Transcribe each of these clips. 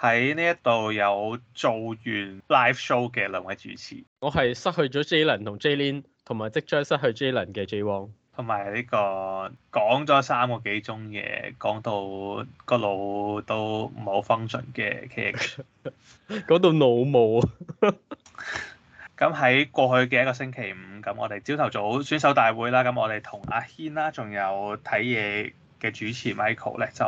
喺呢一度有做完 live show 嘅兩位主持，我係失去咗 Jalen 同 Jaylin，同埋即將失去 Jalen 嘅 Jay Wong，同埋呢個講咗三個幾鐘嘢，講到個腦都唔好 function 嘅 KH，講到腦霧啊。咁 喺過去嘅一個星期五，咁我哋朝頭早選手大會啦，咁我哋同阿軒啦，仲有睇嘢嘅主持 Michael 咧就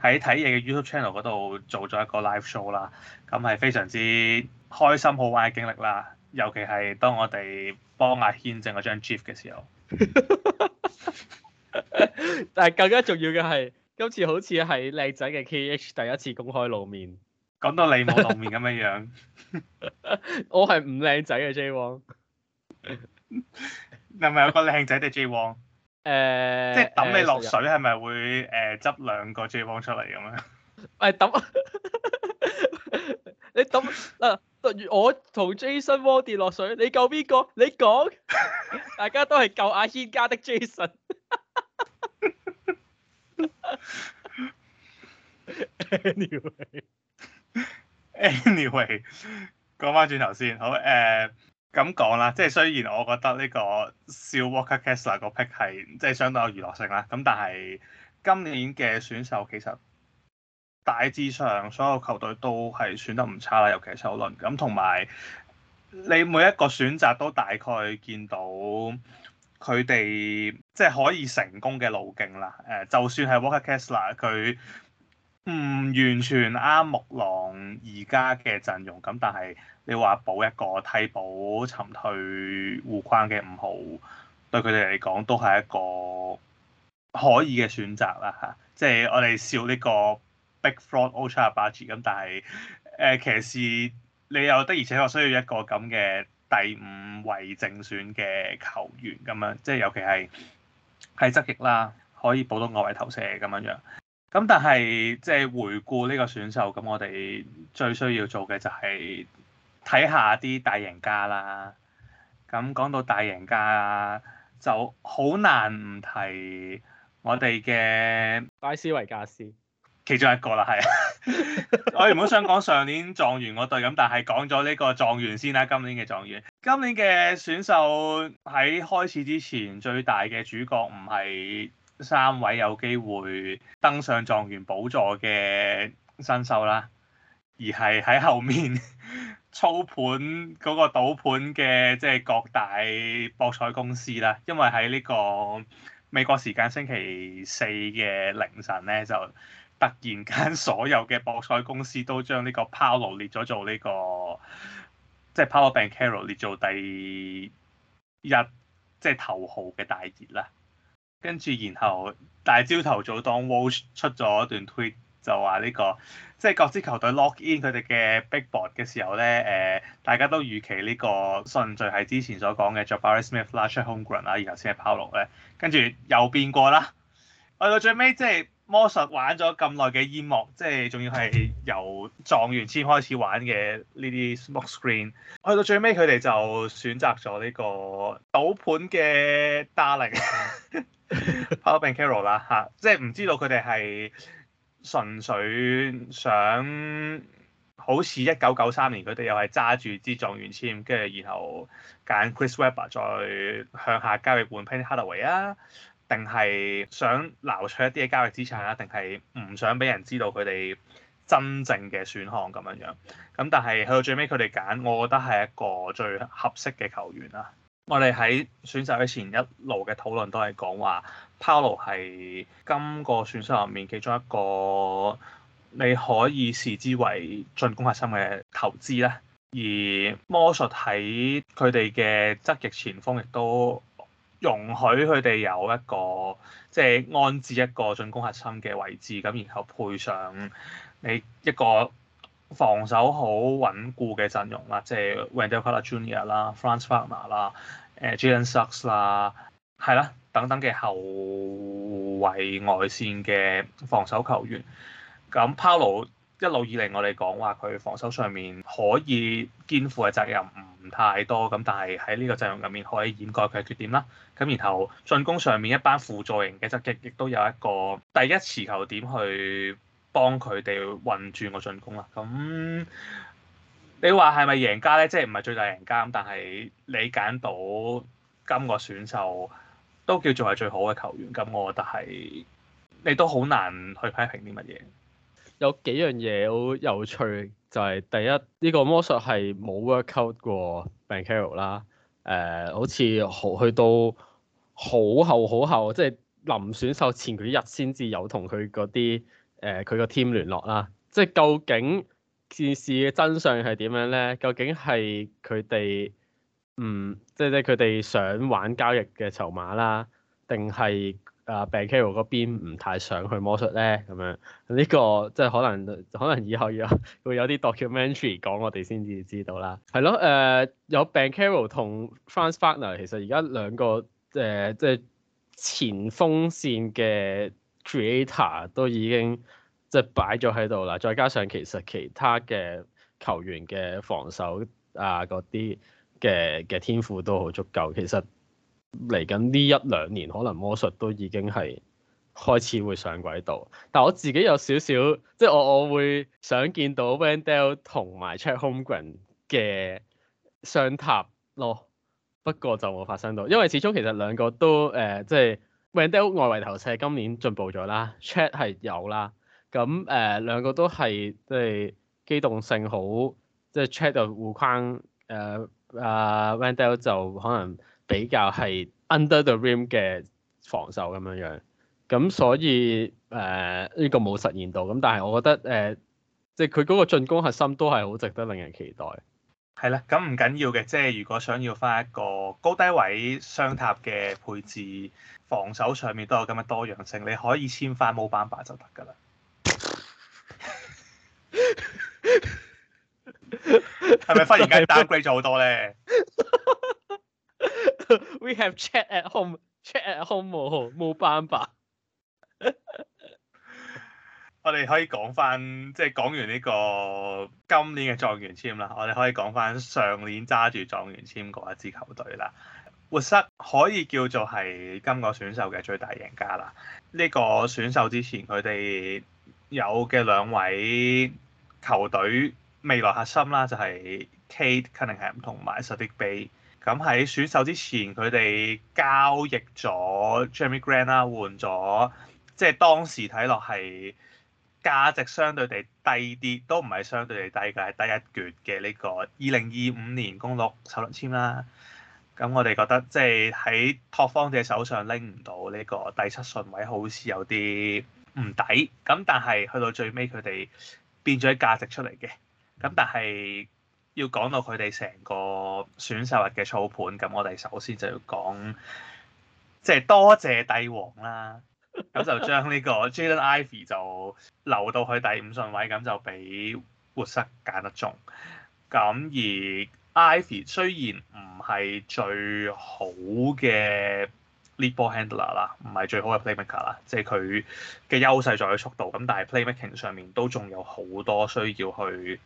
喺睇嘢嘅 YouTube channel 嗰度做咗一個 live show 啦，咁係非常之開心好玩嘅經歷啦。尤其係當我哋幫阿軒正嗰張 GIF 嘅時候， 但係更加重要嘅係，今次好似係靚仔嘅 KH 第一次公開露面。講 到你冇露面咁樣樣， 我係唔靚仔嘅 Jay Wong，有唔有個靚仔嘅 Jay Wong？誒，即係抌你落水係咪會誒執、呃、兩個 J 邦出嚟咁咧？誒串，抌 你抌嗱，我同 Jason Wade 落水，你救邊個？你講， 大家都係救阿謙家的 Jason 。Anyway，anyway，講翻轉頭先，好誒。呃咁講啦，即係雖然我覺得呢個笑 Walker Kessler 個 pick 係即係相當有娛樂性啦，咁但係今年嘅選手其實大致上所有球隊都係選得唔差啦，尤其係首輪咁，同埋你每一個選擇都大概見到佢哋即係可以成功嘅路徑啦。誒，就算係 Walker Kessler，佢。唔完全啱木狼而家嘅陣容咁，但係你話補一個替補沉退護框嘅五號，對佢哋嚟講都係一個可以嘅選擇啦吓。即係我哋笑呢個 Big Four Ultra Budget 咁，但係誒騎士你又的而且又需要一個咁嘅第五位正選嘅球員咁樣，啊，即係尤其係係側翼啦，可以補到外位投射咁樣樣。咁但係即係回顧呢個選秀，咁我哋最需要做嘅就係睇下啲大贏家啦。咁講到大贏家，就好難唔提我哋嘅拉斯維加斯，其中一個啦，係。 我原本想講上年狀元我對，咁但係講咗呢個狀元先啦，今年嘅狀元。今年嘅選秀喺開始之前，最大嘅主角唔係。三位有機會登上狀元寶座嘅新秀啦，而係喺後面 操盤嗰個賭盤嘅即係各大博彩公司啦，因為喺呢個美國時間星期四嘅凌晨咧，就突然間所有嘅博彩公司都將呢個 Paulo 列咗做呢、這個即係、就是、Paulo Banchero 列做第一，即、就、係、是、頭號嘅大熱啦。跟住然後大朝頭早當 Walsh 出咗一段推、這個，就話呢個即係各支球隊 lock in 佢哋嘅 big board 嘅時候咧，誒、呃，大家都預期呢個順序係之前所講嘅，Jabari Smith、Flash、Holmgren 啦，然後先係 Paolo 咧，跟住又變過啦，去到最尾即係。魔術玩咗咁耐嘅煙幕，即係仲要係由狀元籤開始玩嘅呢啲 smoke screen，去到最尾佢哋就選擇咗呢個賭盤嘅達令 Paolo Banchero 啦、啊、嚇，即係唔知道佢哋係純粹想好似一九九三年佢哋又係揸住支狀元籤，跟住然後揀 Chris Webber 再向下交易換 Penny Hardaway 啊。定係想撈取一啲嘅交易資產啦，定係唔想俾人知道佢哋真正嘅選項咁樣樣。咁但係去到最尾佢哋揀，我覺得係一個最合適嘅球員啦。我哋喺選擇嘅前一路嘅討論都係講話，Paulo 係今個選手入面其中一個你可以視之為進攻核心嘅投資啦。而魔術喺佢哋嘅側翼前鋒亦都。容許佢哋有一個即係、就是、安置一個進攻核心嘅位置，咁然後配上你一個防守好穩固嘅陣容啦，即、就、係、是、Wendell Carter Jr. 啦、Franz Farmer 啦、誒 Jalen Suggs 啦，係啦，等等嘅後衞外線嘅防守球員，咁 Paulo。一路以嚟我哋講話佢防守上面可以肩負嘅責任唔太多咁，但係喺呢個陣容入面可以掩蓋佢嘅缺點啦。咁然後進攻上面一班輔助型嘅側擊，亦都有一個第一持球點去幫佢哋運轉個進攻啦。咁你話係咪贏家咧？即係唔係最大贏家咁？但係你揀到今個選秀都叫做係最好嘅球員，咁我覺得係你都好難去批評啲乜嘢。有幾樣嘢好有趣，就係、是、第一呢、呢個魔術係冇 workout 過 Banchero 啦、呃，誒好似好去到好後好後，即係臨選秀前嗰啲日先至有同佢嗰啲誒佢個 team 聯絡啦。即係究竟件事嘅真相係點樣咧？究竟係佢哋唔即係即係佢哋想玩交易嘅籌碼啦，定係？啊，Ben Carol 嗰邊唔太想去魔術咧，咁樣呢、呢個即係可能可能以後有會有啲 documentary 講，我哋先至知道啦。係咯、嗯，誒、啊、有 Ben Carol 同 Franz Wagner，其實而家兩個誒、呃、即係前鋒線嘅 creator 都已經即係擺咗喺度啦。再加上其實其他嘅球員嘅防守啊嗰啲嘅嘅天賦都好足夠，其實。嚟緊呢一兩年，可能魔術都已經係開始會上軌道，但我自己有少少，即係我我會想見到 Wendell 同埋 Chad Holmgren 嘅雙塔咯，不過就冇發生到，因為始終其實兩個都誒，即、呃、係 Wendell 外圍投射今年進步咗啦，Chad 係有啦，咁誒兩個都係即係機動性好，即係 Chad 就護、是、框，誒、呃、啊、呃、Wendell 就可能。比較係 under the rim 嘅防守咁樣樣，咁所以誒呢、呃這個冇實現到，咁但係我覺得誒、呃，即係佢嗰個進攻核心都係好值得令人期待。係啦，咁唔緊要嘅，即係如果想要翻一個高低位雙塔嘅配置，防守上面都有咁嘅多樣性，你可以簽翻冇 o b 就得噶啦。係 咪忽然間 downgrade 咗好多咧？We have chat at home, chat at home 冇冇辦法。我哋可以講翻，即係講完呢個今年嘅狀元簽啦，我哋可以講翻上年揸住狀元簽嗰一支球隊啦。活塞可以叫做係今個選秀嘅最大贏家啦。呢、這個選秀之前佢哋有嘅兩位球隊未來核心啦，就係、是、Cade Cunningham 同埋 Saddiq Bey。咁喺選手之前，佢哋交易咗 Jeremy Grant 啦，換咗，即係當時睇落係價值相對地低啲，都唔係相對地低嘅，係低一橛嘅呢個二零二五年公鹿首輪簽啦。咁我哋覺得即係喺拓荒者手上拎唔到呢個第七順位，好似有啲唔抵。咁但係去到最尾，佢哋變咗價值出嚟嘅。咁但係，要講到佢哋成個選秀日嘅操盤，咁我哋首先就要講，即係多謝帝王啦，咁 就將呢個 Jaden Ivey 就留到佢第五順位，咁就俾活塞揀得中。咁而 Ivey 雖然唔係最好嘅 lead ball handler 啦，唔係最好嘅 playmaker 啦，即係佢嘅優勢在於速度，咁但係 playmaking 上面都仲有好多需要去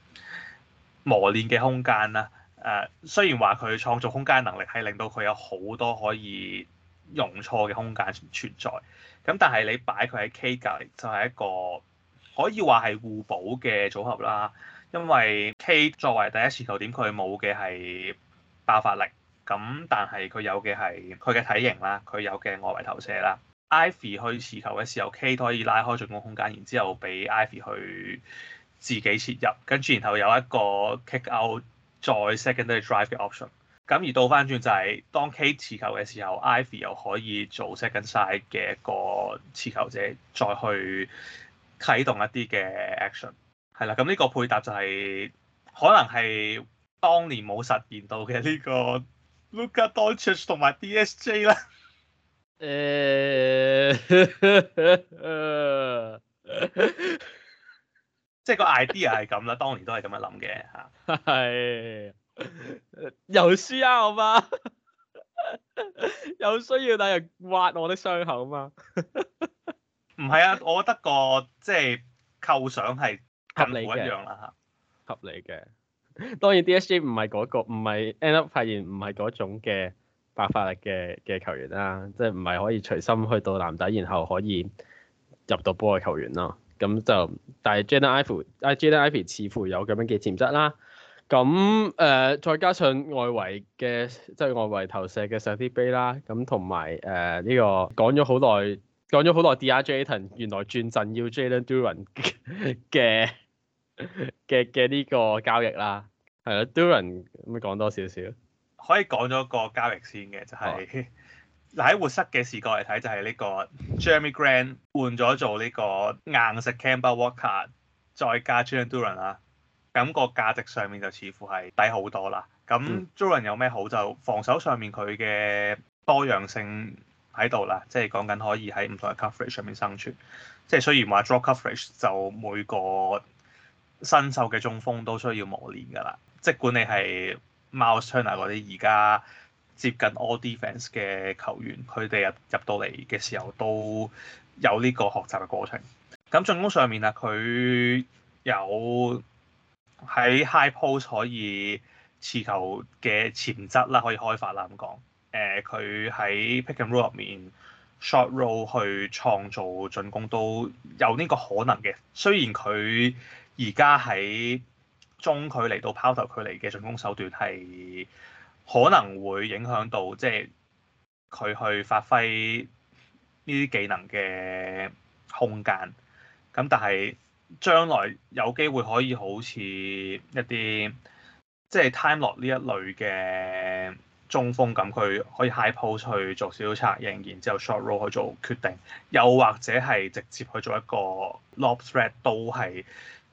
磨練嘅空間啦，誒、呃、雖然話佢創造空間能力係令到佢有好多可以用錯嘅空間存在，咁但係你擺佢喺 K 隔籬就係一個可以話係互補嘅組合啦，因為 K 作為第一持球點，佢冇嘅係爆發力，咁但係佢有嘅係佢嘅體型啦，佢有嘅外圍投射啦，Ivy 去持球嘅時候，K 都可以拉開進攻空間，然之後俾 Ivy 去。自己切入，跟住然後有一個 kick out 再 second drive 嘅 option。咁而倒翻轉就係當 Cade 持球嘅時候，Ivey 又可以做 second side 嘅一個持球者再去啟動一啲嘅 action。係啦，咁呢個配搭就係可能係當年冇實現到嘅呢個 Luka Doncic 同埋 DSJ 啦。誒～即係個 idea 係咁啦，當年都係咁樣諗嘅嚇。係，有需要嘛？有需要等人挖我啲傷口嘛？唔 係啊，我覺得個即係構想係合理一樣嘅。合理嘅。當然 d s g 唔係嗰個，唔係 end up 發現唔係嗰種嘅爆發力嘅嘅球員啦、啊，即係唔係可以隨心去到籃底，然後可以入到波嘅球員咯、啊。咁就，但係 Jalen Ivey，啊 Jalen Ivey 似乎有咁樣嘅潛質啦。咁誒、呃，再加上外圍嘅，即係外圍投射嘅上啲杯啦。咁同埋誒呢個講咗好耐，講咗好耐，D.R.Jayton 原來轉陣要 Jalen Duren 嘅嘅嘅 呢個交易啦。係咯，Duren 咁講多少少？可以講咗個交易先嘅，就係。哦。嗱，喺活塞嘅視角嚟睇，就係呢個 Jerami Grant 換咗做呢個硬食 Kemba Walker 再加 Jalen Duren 啦。咁個價值上面就似乎係低多、嗯、好多啦。咁 Duren 有咩好？就防守上面佢嘅多樣性喺度啦，即係講緊可以喺唔同嘅 coverage 上面生存。即係雖然話 drop coverage 就每個新秀嘅中鋒都需要磨練㗎啦，即管你係 Myles Turner 嗰啲而家。接近 all defence 嘅球員，佢哋入入到嚟嘅時候都有呢個學習嘅過程。咁進攻上面啊，佢有喺 high post 可以持球嘅潛質啦，可以開發啦咁講。誒，佢、呃、喺 pick and roll 入面 short roll 去創造進攻都有呢個可能嘅。雖然佢而家喺中距離到拋投距離嘅進攻手段係。可能會影響到即係佢去發揮呢啲技能嘅空間，咁但係將來有機會可以好似一啲即係 time l 落呢一類嘅中鋒咁，佢可以 high post 去做少少策應，然之後 short r o w 去做決定，又或者係直接去做一個 lob thread 都係，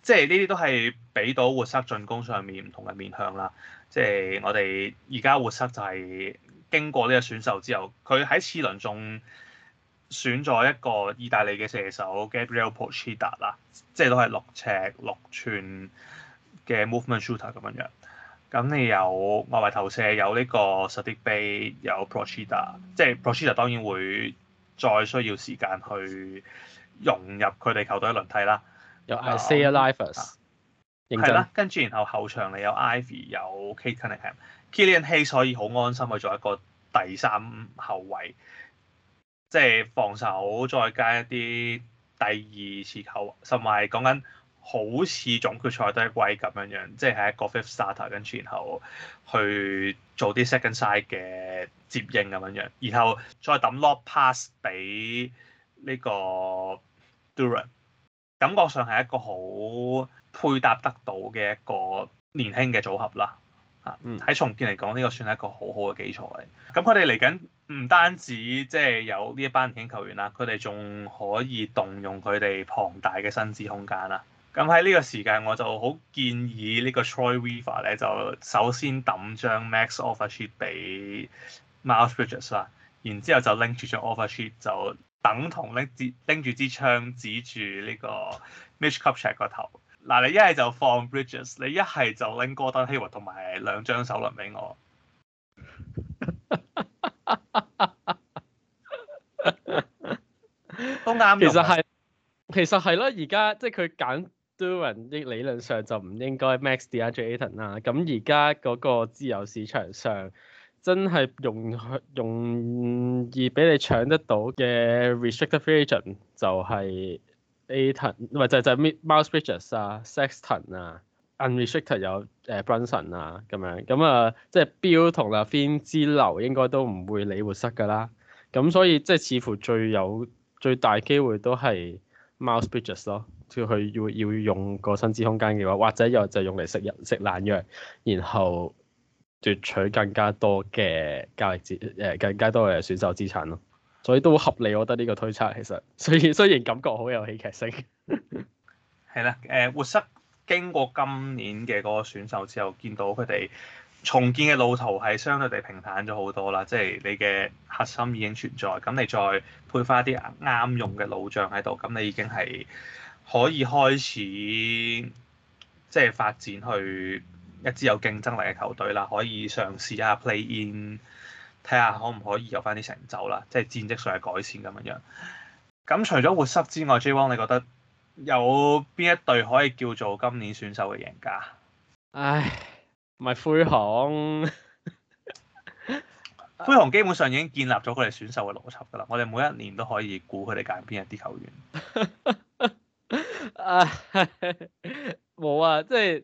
即係呢啲都係俾到活塞進攻上面唔同嘅面向啦。即係我哋而家活塞就係經過呢個選秀之後，佢喺次輪仲選咗一個意大利嘅射手 Gabriel Procida 啦，即係都係六尺六寸嘅 movement shooter 咁樣樣。咁你有外圍投射有呢個 Saddiq Bey，有 Procida 即係 Procida 當然會再需要時間去融入佢哋球隊嘅輪替啦。有 Isaiah Livers、嗯。係啦，跟住然後後場你有 Ivy 有 Killian Hayes，Killian Hayes 所以好安心去做一個第三後衞，即係防守再加一啲第二次球，甚至係講緊好似總決賽都一季咁樣樣，即係喺一個 fifth starter 跟住然後去做啲 second side 嘅接應咁樣樣，然後再抌 long pass 俾呢個 Durant，感覺上係一個好配搭得到嘅一個年輕嘅組合啦，啊喺、嗯、重建嚟講呢個算係一個好好嘅基礎嚟。咁佢哋嚟緊唔單止即係有呢一班年輕球員啦，佢哋仲可以動用佢哋龐大嘅薪資空間啦。咁喺呢個時間，我就好建議個呢個 Troy Weaver 咧，就首先抌張 Max Offer Sheet 俾 Miles Bridges 啊，然之後就拎住張 Offer Sheet 就等同拎支拎住支槍指住呢個 Mitch Kupchak 個頭。嗱，你一係就放 bridges，你一係就拎 Gordon Hayward 同埋兩張手輪俾我， 都啱用。 其實係，其實係咯，而家即係佢揀 Duran，依理論上就唔應該 max the adjustment 啦。咁而家嗰個自由市場上，真係容容易俾你搶得到嘅 restricted agent 就係、是。A 騰唔係就就是、Miles Bridges 啊，Sexton 啊，Unrestricted 有誒 Brunson 啊，咁樣咁啊，即係 Bill 同阿 Finn 之流應該都唔會理活塞㗎啦，咁所以即係似乎最有最大機會都係 Miles Bridges 咯，佢佢要要用個薪資空間嘅話，或者又就用嚟食人食懶藥，然後奪取更加多嘅交易資誒、呃、更加多嘅選手資產咯。所以都合理，我覺得呢個推測其實，雖然雖然感覺好有戲劇性，係 啦，誒活塞經過今年嘅嗰個選秀之後，見到佢哋重建嘅路途係相對地平坦咗好多啦，即係你嘅核心已經存在，咁你再配翻啲啱用嘅老將喺度，咁你已經係可以開始即係發展去一支有競爭力嘅球隊啦，可以嘗試一下 play in。睇下可唔可以有翻啲成就啦，即係戰績上嘅改善咁樣樣。咁除咗活塞之外，J1 你覺得有邊一隊可以叫做今年選秀嘅贏家？唉，咪灰熊。 灰熊基本上已經建立咗佢哋選秀嘅邏輯噶啦，我哋每一年都可以估佢哋揀邊一啲球員。 唉，冇啊，即係。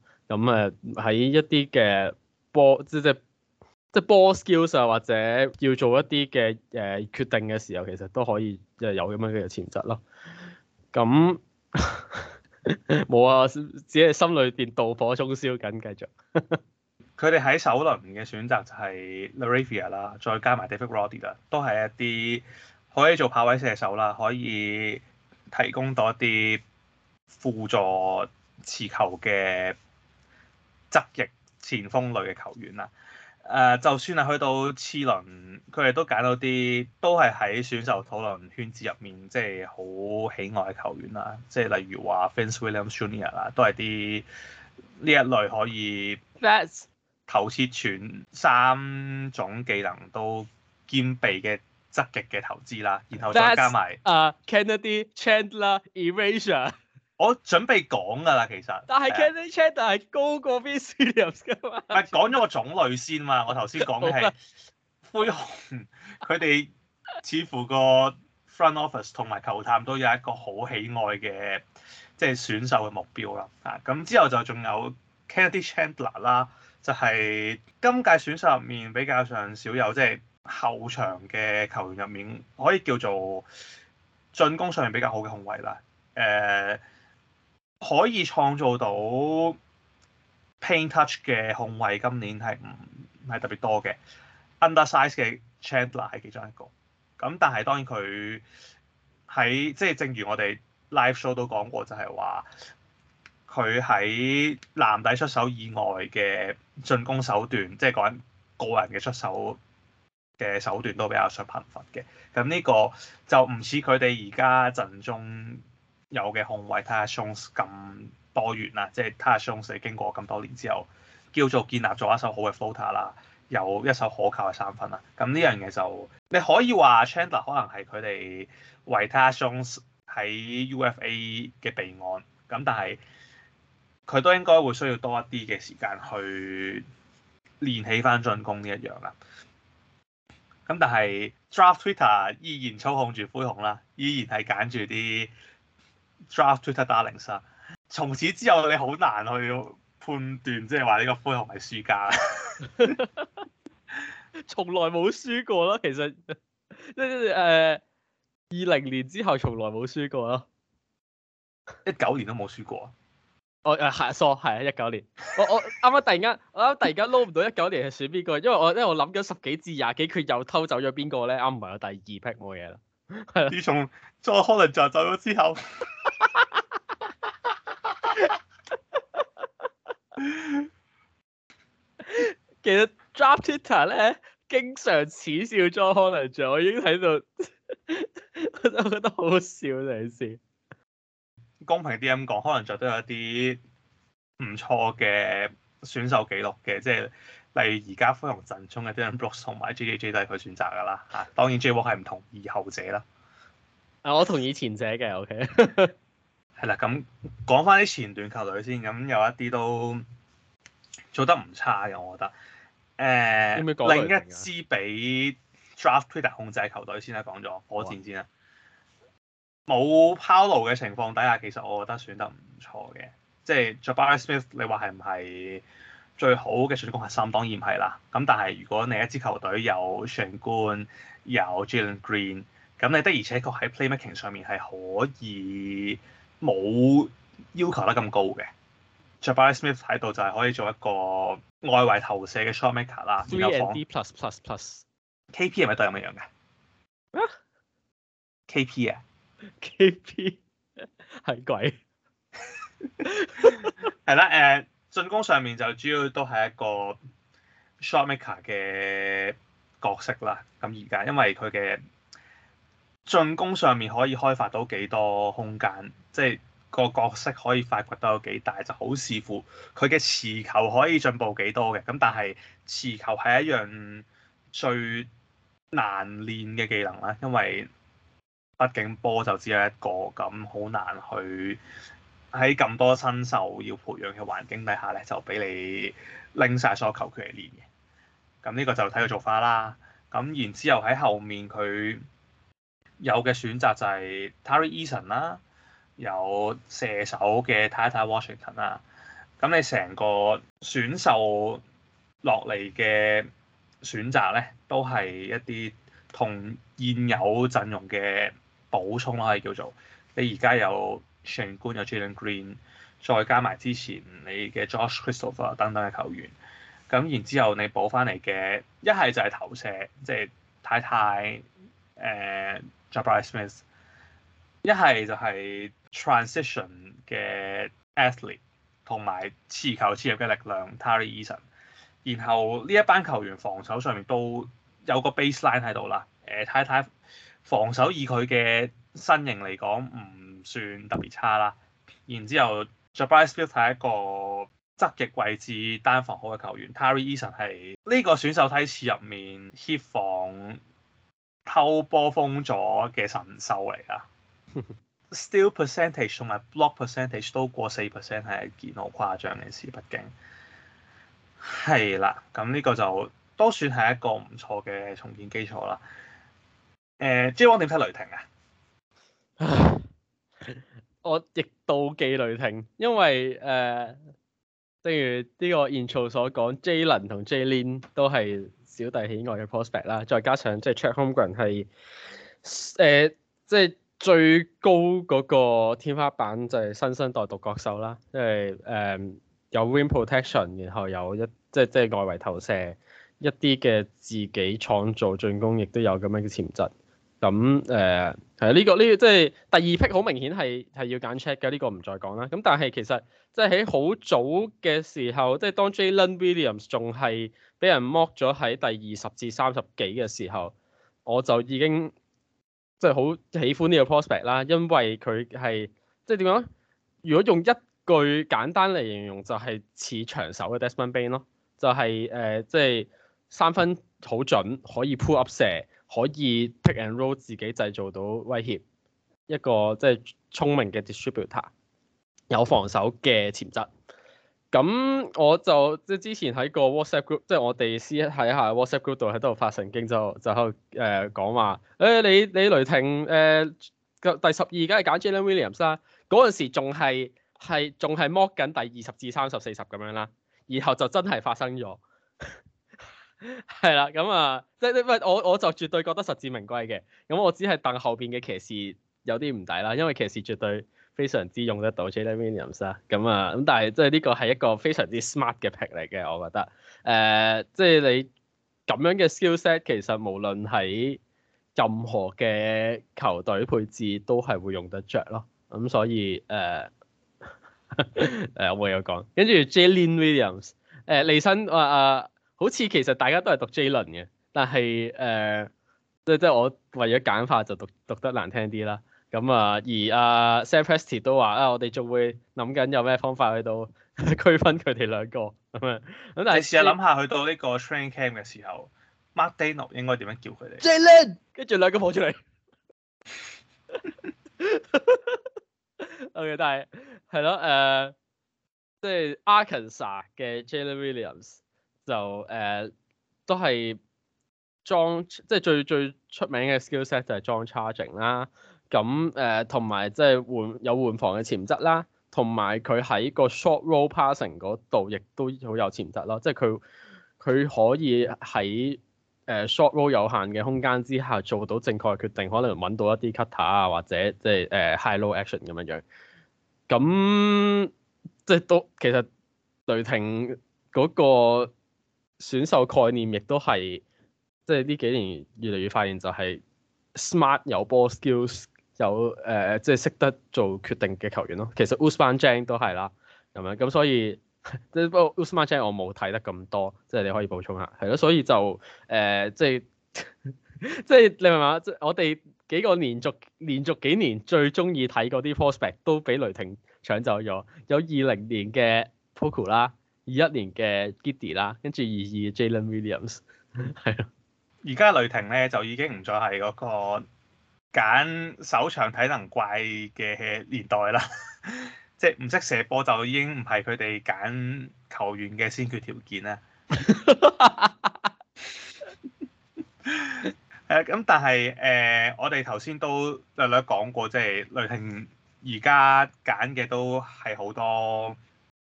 咁誒喺一啲嘅波，即係即係 ball skills 啊，或者要做一啲嘅誒決定嘅時候，其實都可以即係有咁樣嘅潛質咯。咁冇啊，只係心裏邊導火衝燒緊。繼續，佢哋喺首輪嘅選擇就係 Laravia 啦，再加埋 David Roddy 啊，都係一啲可以做跑位射手啦，可以提供多一啲輔助持球嘅。側翼前鋒類嘅球員啦，誒，uh，就算係去到次輪，佢哋都揀到啲都係喺選手討論圈子入面即係好喜愛嘅球員啦，即係例如話 Vince Williams Jr. 啦，都係啲呢一類可以投切傳三種技能都兼備嘅側翼嘅投資啦，然後再加埋誒，uh, Kennedy Chandler Erasia。我準備講㗎啦，其實，但係 Kennedy Chandler 係高過 Vince Williams 㗎嘛？唔係講咗個種類先嘛，我頭先講嘅係 灰熊，佢哋似乎個 front office 同埋球探都有一個好喜愛嘅即係選秀嘅目標啦。啊，咁之後就仲有 Kennedy Chandler 啦，就係今屆選秀入面比較上少有即係後場嘅球員入面可以叫做進攻上面比較好嘅控衞啦。誒。可以創造到 paint touch 嘅控衞，今年係唔係特別多嘅 under size 嘅 Chandler 係其中一個。咁但係當然佢喺即係正如我哋 live show 都講過就，就係話佢喺籃底出手以外嘅進攻手段，即係個人個人嘅出手嘅手段都比較少頻繁嘅。咁呢個就唔似佢哋而家陣中。有嘅控位，Tyus Jones 咁多元啦，即係 Tyus Jones 喺經過咁多年之後，叫做建立咗一手好嘅 floater 啦，有一手可靠嘅三分啦。咁呢樣嘢就你可以話 Chandler 可能係佢哋為 Tyus Jones 喺 UFA 嘅備案，咁但係佢都應該會需要多一啲嘅時間去練起返進攻呢一樣啦。咁但係 Draft Twitter 依然操控住灰熊啦，依然係揀住啲。Draft Twitter darlings 啊！Twitter, darlings, 從此之後你好難去判斷，即係話呢個富豪係輸家啦。 從來冇輸過啦，其實即係誒二零年之後從來冇輸過啦。一九年都冇輸過啊！我誒係啊，Sorry 係啊，一九年。我我啱啱突然間，我啱突然間撈唔到一九年係選邊個，因為我因為我諗咗十幾至廿幾，佢又偷走咗邊個咧？啱唔係我第二批冇嘢啦。係啊，自從再可能再走咗之後。 其實 Draft Twitter 咧，經常恥笑莊康林卓，我已經喺度，我 我覺得好笑你事。公平啲咁講，可能就都有一啲唔錯嘅選手記錄嘅，即係例如而家灰熊陣中嘅啲 Dillon Brooks 同埋 JJJ 都係佢選擇噶啦吓。當然 JW 係唔同意後者啦。啊，我同意前者嘅 OK。 係啦，咁講翻啲前段球隊先，咁有一啲都做得唔差嘅，我覺得。誒、呃，想想另一支俾 Draft Twitter 控制球隊先啦，講咗火箭先啦。冇 Paolo 嘅情況底下，其實我覺得選得唔錯嘅，即係 Jabari Smith 你話係唔係最好嘅進攻核心？當然唔係啦。咁但係如果你一支球隊有 Sengun，有 Jalen Green，咁你的而且確喺 Playmaking 上面係可以。冇要求得咁高嘅，Jabari Smith 喺度就係可以做一個外圍投射嘅 shot maker 啦。三 D plus plus plus，KP 係咪都係咁樣嘅？啊，KP 啊，KP 係鬼，係啦，誒，進攻上面就主要都係一個 shot maker 嘅角色啦，咁而家因為佢嘅。進攻上面可以開發到幾多空間，即係個角色可以發掘到有幾大，就好視乎佢嘅持球可以進步幾多嘅。咁但係持球係一樣最難練嘅技能啦，因為畢竟波就只有一個，咁好難去喺咁多新手要培養嘅環境底下咧，就俾你拎晒所有球權嚟練嘅。咁呢個就睇佢做法啦。咁然之後喺後面佢。有嘅選擇就係 Tari Eason 啦、啊，有射手嘅 TyTy Washington 啦、啊，咁你成個選秀落嚟嘅選擇咧，都係一啲同現有陣容嘅補充啦。可以叫做你而家有 Sengun 有 Jalen Green，再加埋之前你嘅 Josh Christopher 等等嘅球員，咁然之後你補翻嚟嘅一係就係投射，即、就、係、是、TyTy。誒、呃。Jabari Smith，一係就係 transition 嘅 athlete，同埋持球切入嘅力量，Tari Eason。然後呢一班球員防守上面都有個 baseline 喺度啦。誒、呃，睇睇防守以佢嘅身形嚟講唔算特別差啦。然之後 Jabari Smith 係一個側翼位置單防好嘅球員，Tari Eason 係呢個選手梯次入面協防。偷波封咗嘅神獸嚟噶，steal percentage 同埋 block percentage 都過四 percent 係一件好誇張嘅事，畢竟係啦，咁呢個就都算係一個唔錯嘅重建基礎啦。誒，J 汪點睇雷霆啊？ 我亦都妒忌雷霆，因為誒、呃，正如呢個 intro 所講，Jalen 同 Jaylin 都係。小弟喜愛嘅 prospect 啦，再加上即係 Chet Holmgren 係誒即係最高嗰個天花板就係新生代獨角獸啦，即係誒有 rim protection，然後有一即係即係外圍投射一啲嘅自己創造進攻，亦都有咁樣嘅潛質。咁誒係呢個呢、這個這個這個，即係第二 pick 好明顯係係要揀 Chet 㗎，呢個唔再講啦。咁但係其實即係喺好早嘅時候，即係當 Jalen Williams 仲係俾人剝咗喺第二十至三十幾嘅時候，我就已經即係好喜歡呢個 prospect 啦，因為佢係即係點樣咧？如果用一句簡單嚟形容，就係、是、似長手嘅 Desmond Bain 咯，就係、是、誒、呃、即係三分好準，可以 pull up 射。可以 pick and roll 自己製造到威脅，一個即係聰明嘅 distributor，有防守嘅潛質。咁我就即係之前喺個 WhatsApp group，即係我哋私喺下 WhatsApp group 度喺度發神經，就就誒講話，誒、欸、你你雷霆誒、欸、第十二 Williams，梗係揀 Jalen Williams 啦，嗰陣時仲係係仲係摸緊第二十至三十四十咁樣啦，然後就真係發生咗。係啦，咁啊，即係，因為我我就絕對覺得實至名歸嘅。咁我只係等後邊嘅騎士有啲唔抵啦，因為騎士絕對非常之用得到 Jalen Williams 啊。咁啊，咁但係即係呢個係一個非常之 smart 嘅 pick 嚟嘅，我覺得。誒、呃，即係你咁樣嘅 skillset，其實無論喺任何嘅球隊配置都係會用得着咯。咁、嗯、所以誒誒、呃 呃，我冇有講。跟住 Jalen Williams，誒、呃，李生啊啊。呃好似其實大家都係讀 Jalen 嘅，但係誒，即、呃、即、就是、我為咗簡化就讀讀得難聽啲啦。咁啊，而啊 Sam Presti 都話啊，我哋仲會諗緊有咩方法去到區分佢哋兩個咁樣。咁 但係是試下諗下去到呢個 train camp 嘅時候，Mark Daigneault 應該點樣叫佢哋 Jalen 跟住兩個抱出嚟。 OK，但係係咯，誒，即、呃就是、Arkansas 嘅 Jalen Williams。就誒、呃、都係裝，即係最最出名嘅 skillset 就係裝 charging 啦，啊，咁誒同埋即係換有換防嘅潛質啦，同埋佢喺個 short roll passing 度亦都好有潛質咯，即係佢佢可以喺誒、呃、short roll 有限嘅空間之下做到正確嘅決定，可能揾到一啲 cutter 啊，或者即係誒、呃、high low action 咁樣樣。咁即係都其實雷霆嗰、那個。選秀概念亦都係，即係呢幾年越嚟越發現就係 smart 有 ball skills 有誒即係識得做決定嘅球員咯。其實 Ousmane Dieng 都係啦，咁樣，咁所以不過 Ousmane Dieng 我冇睇得咁多，即係你可以補充下，係咯，所以就誒即係即係你明嘛？即係我哋幾個連續連續幾年最中意睇嗰啲 prospect 都俾雷霆搶走咗，有二零年嘅 Poku 啦。二一年嘅 Giddy 啦，跟住二二 Jalen Williams，係咯。而家雷霆呢就已經唔再係嗰個揀首場體能怪嘅年代啦，即係唔識射波就已經唔係佢哋揀球員嘅先決條件啦。誒、 嗯，咁但係誒、呃，我哋頭先都略略講過，即、就、係、是、雷霆而家揀嘅都係好多。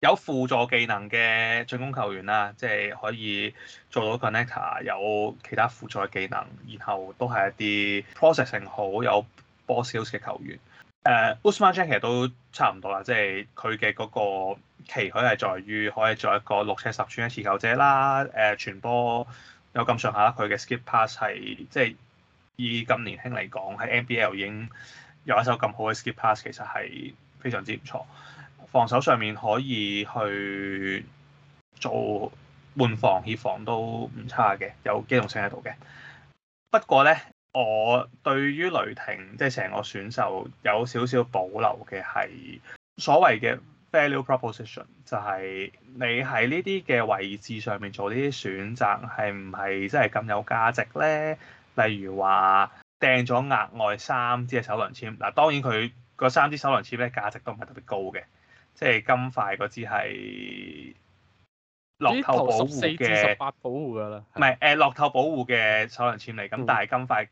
有輔助技能嘅進攻球員啦，即係可以做到 connector，有其他輔助嘅技能，然後都係一啲 processing 好有 ball skills 嘅球員。誒 Ousmane 其實都差唔多啦，即係佢嘅嗰個期許係在於可以做一個六尺十寸嘅持球者啦。誒、啊，傳波有咁上下，佢嘅 skip pass 係即係以咁年輕嚟講，喺 NBL 已經有一手咁好嘅 skip pass，其實係非常之唔錯。防守上面可以去做換防協防都唔差嘅，有機動性喺度嘅。不過咧，我對於雷霆即係成個選秀有少少保留嘅係所謂嘅 value proposition，就係你喺呢啲嘅位置上面做呢啲選擇係唔係真係咁有價值咧？例如話掟咗額外三支嘅首輪籤，嗱當然佢嗰三支首輪籤咧價值都唔係特別高嘅。即係金塊嗰支係樂透保護嘅，頭保唔係誒樂透保護嘅首輪簽嚟，咁、嗯、但係金塊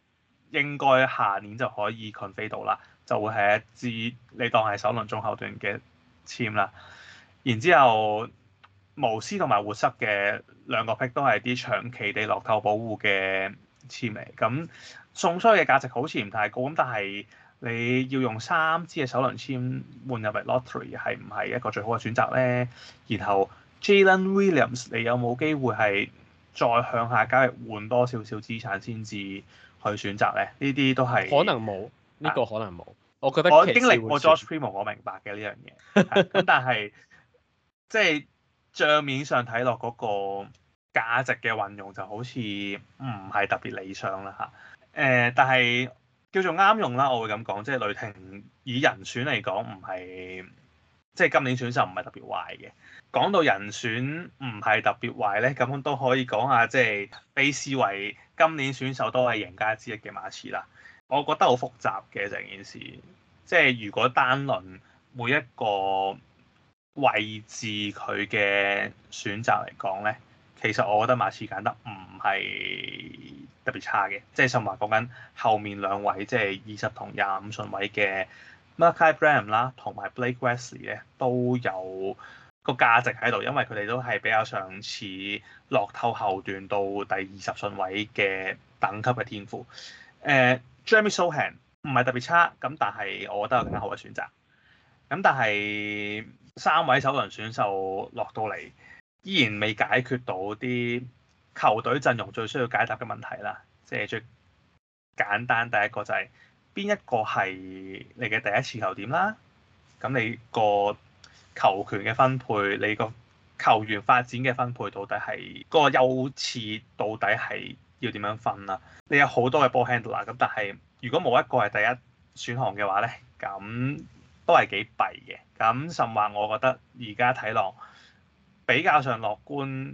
應該下年就可以 confirm 到啦，就會係一支你當係首輪中後段嘅簽啦。然之後無私同埋活塞嘅兩個 pick 都係啲長期地樂透保護嘅簽嚟，咁送出去嘅價值好似唔太高，咁但係。你要用三支嘅首輪籤換入嚟 lottery 係唔係一個最好嘅選擇咧？然後 Jalen Williams 你有冇機會係再向下交易換多少少資產先至去選擇咧？呢啲都係可能冇，呢個可能冇。啊、我覺得我經歷過 George Primo，我明白嘅呢樣嘢。但係即係帳面上睇落嗰個價值嘅運用就好似唔係特別理想啦嚇。誒，但係。叫做啱用啦，我會咁講，即係雷霆以人選嚟講，唔係即係今年選秀唔係特別壞嘅。講到人選唔係特別壞咧，咁都可以講下，即係被視為今年選秀都係贏家之一嘅馬刺啦。我覺得好複雜嘅成件事，即係如果單論每一個位置佢嘅選擇嚟講咧，其實我覺得馬刺揀得唔係特別差嘅，即係甚至話講緊後面兩位，即係二十同廿五順位嘅 Malaki Branham 啦，同埋 Blake Wesley 咧，都有個價值喺度，因為佢哋都係比較上次落透後段到第二十順位嘅等級嘅天賦。誒、uh, Jeremy Sochan 唔係特別差，咁但係我覺得有更加好嘅選擇。咁但係三位首輪選秀落到嚟，依然未解決到啲球隊陣容最需要解答嘅問題啦，即係最簡單第一個就係邊一個係你嘅第一次球點啦？咁你個球權嘅分配，你個球員發展嘅分配，到底係嗰個優次，到底係要點樣分啦？你有好多嘅 ball handler，咁但係如果冇一個係第一選項嘅話咧，咁都係幾弊嘅。咁甚至話我覺得而家睇落比較上樂觀，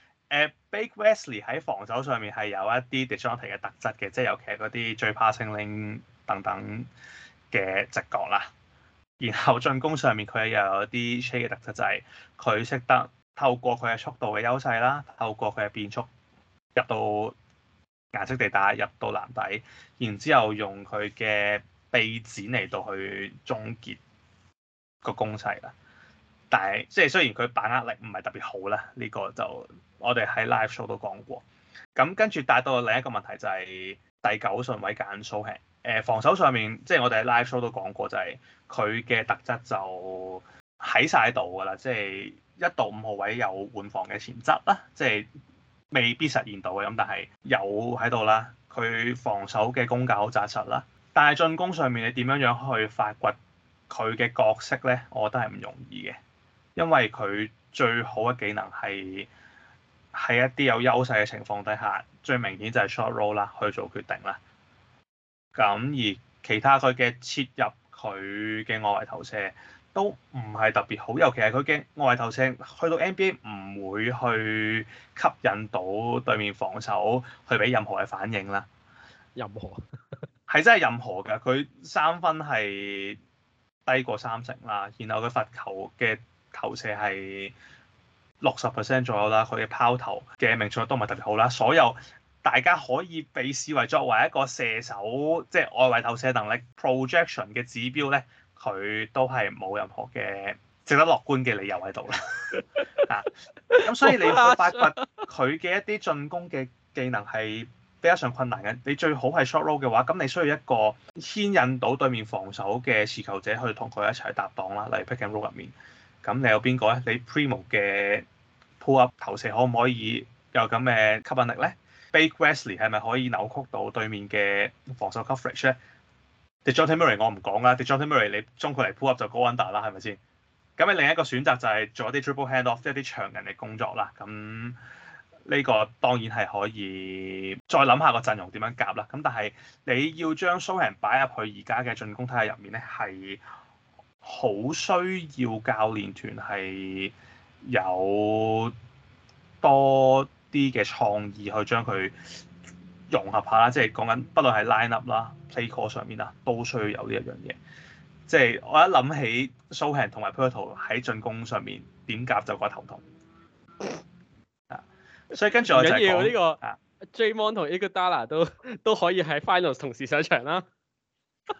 Bake Wesley 喺防守上面係有一啲 decision 嘅特質嘅，即係尤其係嗰啲追 passing 等等嘅直覺啦。然後進攻上面佢又有一啲 shy 嘅特質、就是，就係佢識得透過佢嘅速度嘅優勢啦，透過佢嘅變速入到顏色地帶，入到籃底，然之後用佢嘅臂展嚟到去終結個攻勢啦。但係，即係雖然佢把握力唔係特別好咧，呢、呢個就我哋喺 live show 都講過。咁跟住，帶到另一個問題就係第九順位揀蘇慶。誒、呃，防守上面，即係我哋喺 live show 都講過、就是，就係佢嘅特質就喺晒度㗎啦。即係一到五號位有換防嘅潛質啦，即係未必實現到嘅咁，但係有喺度啦。佢防守嘅功架好扎實啦，但係進攻上面你點樣樣去發掘佢嘅角色咧？我覺得係唔容易嘅。因為佢最好嘅技能係喺一啲有優勢嘅情況底下，最明顯就係 short roll 啦，去做決定啦。咁而其他佢嘅切入佢嘅外圍投射都唔係特別好，尤其係佢嘅外圍投射去到 NBA 唔會去吸引到對面防守去俾任何嘅反應啦。任何係 真係任何㗎，佢三分係低過三成啦，然後佢罰球嘅。投射係六十 percent 左右啦。佢嘅拋投嘅命中率都唔係特別好啦。所有大家可以被視為作為一個射手，即係外圍投射能力 projection 嘅指標咧，佢都係冇任何嘅值得樂觀嘅理由喺度啦。咁 所以你要發掘佢嘅一啲進攻嘅技能係比較上困難嘅。你最好係 short roll 嘅話，咁你需要一個牽引到對面防守嘅持球者去同佢一齊搭檔啦，例如 pick and roll 入面。咁你有邊個咧？你 Primo 嘅 pull up 投射可唔可以有咁嘅吸引力咧？Bake Wesley 係咪可以扭曲到對面嘅防守 coverage 咧？Dejounte Murray 我唔講啦，Dejounte Murray 你將佢嚟 pull up 就 go under 啦，係咪先？咁你另一個選擇就係做一啲 dribble handoff，即係啲長人嘅工作啦。咁呢個當然係可以再諗下個陣容點樣夾啦。咁但係你要將 Sochan、oh、擺入去而家嘅進攻體系入面咧，係。好需要教練團係有多啲嘅創意去將佢融合下啦，即係講緊，不論係 lineup 啦、playcall 上面啊，都需要有呢一樣嘢。即係我一諗起 Soulhand 同埋 p u e t e 喺進攻上面點夾就覺得頭痛、 啊。所以跟住我就講呢、這個啊 Jmon 同 Iguodala 都都可以喺 finals 同時上場啦。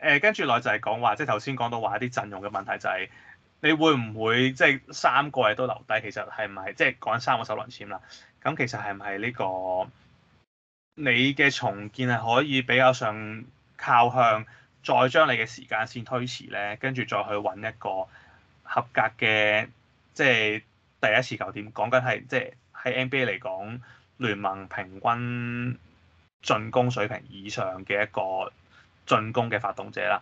係跟住落嚟就係講話，即係頭先講到話一啲陣容嘅問題、就是，就係你會唔會即係三個嘢都留低？其實係唔係即係講緊三個首輪簽啦？咁其實係唔係呢個你嘅重建係可以比較上靠向再將你嘅時間線推遲咧，跟住再去揾一個合格嘅即係第一次球點，講緊係即係喺 NBA 嚟講聯盟平均進攻水平以上嘅一個。進攻嘅發動者啦，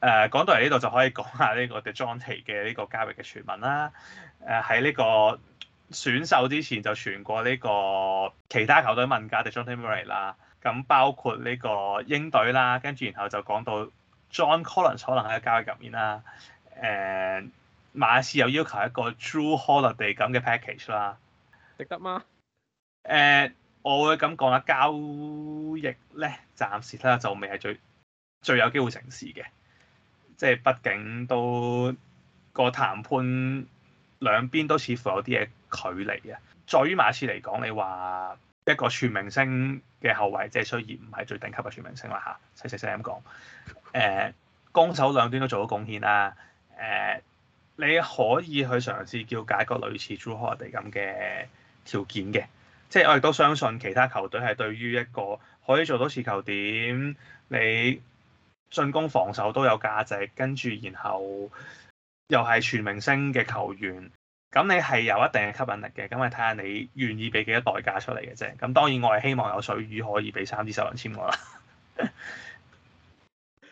誒、呃、講到嚟呢度就可以講下呢個 Dejounte 嘅呢個交易嘅傳聞啦，誒喺呢個選秀之前就傳過呢個其他球隊問價 Dejounte Murray 啦，咁包括呢個英隊啦，跟住然後就講到 John Collins 可能喺交易入面啦，誒、呃、馬刺又要求一個 Drew Holiday 咁嘅 package 啦，值得嗎？誒、呃、我會咁講下交易咧，暫時啦就未係最。最有機會成事嘅，即係畢竟都個談判兩邊都似乎有啲嘢距離啊。在於馬刺嚟講，你話一個全明星嘅後衞，即係雖然唔係最頂級嘅全明星啦嚇、啊，細細細咁講。誒、呃，攻守兩端都做咗貢獻啦。誒、呃，你可以去嘗試叫解個類似 Jokic 咁嘅條件嘅，即係我亦都相信其他球隊係對於一個可以做到持球點你。進攻防守都有價值，跟住然後又係全明星嘅球員，咁你係有一定嘅吸引力嘅，咁你睇下你願意俾幾多代價出嚟嘅啫。咁當然我係希望有水魚可以俾三支首輪簽我啦。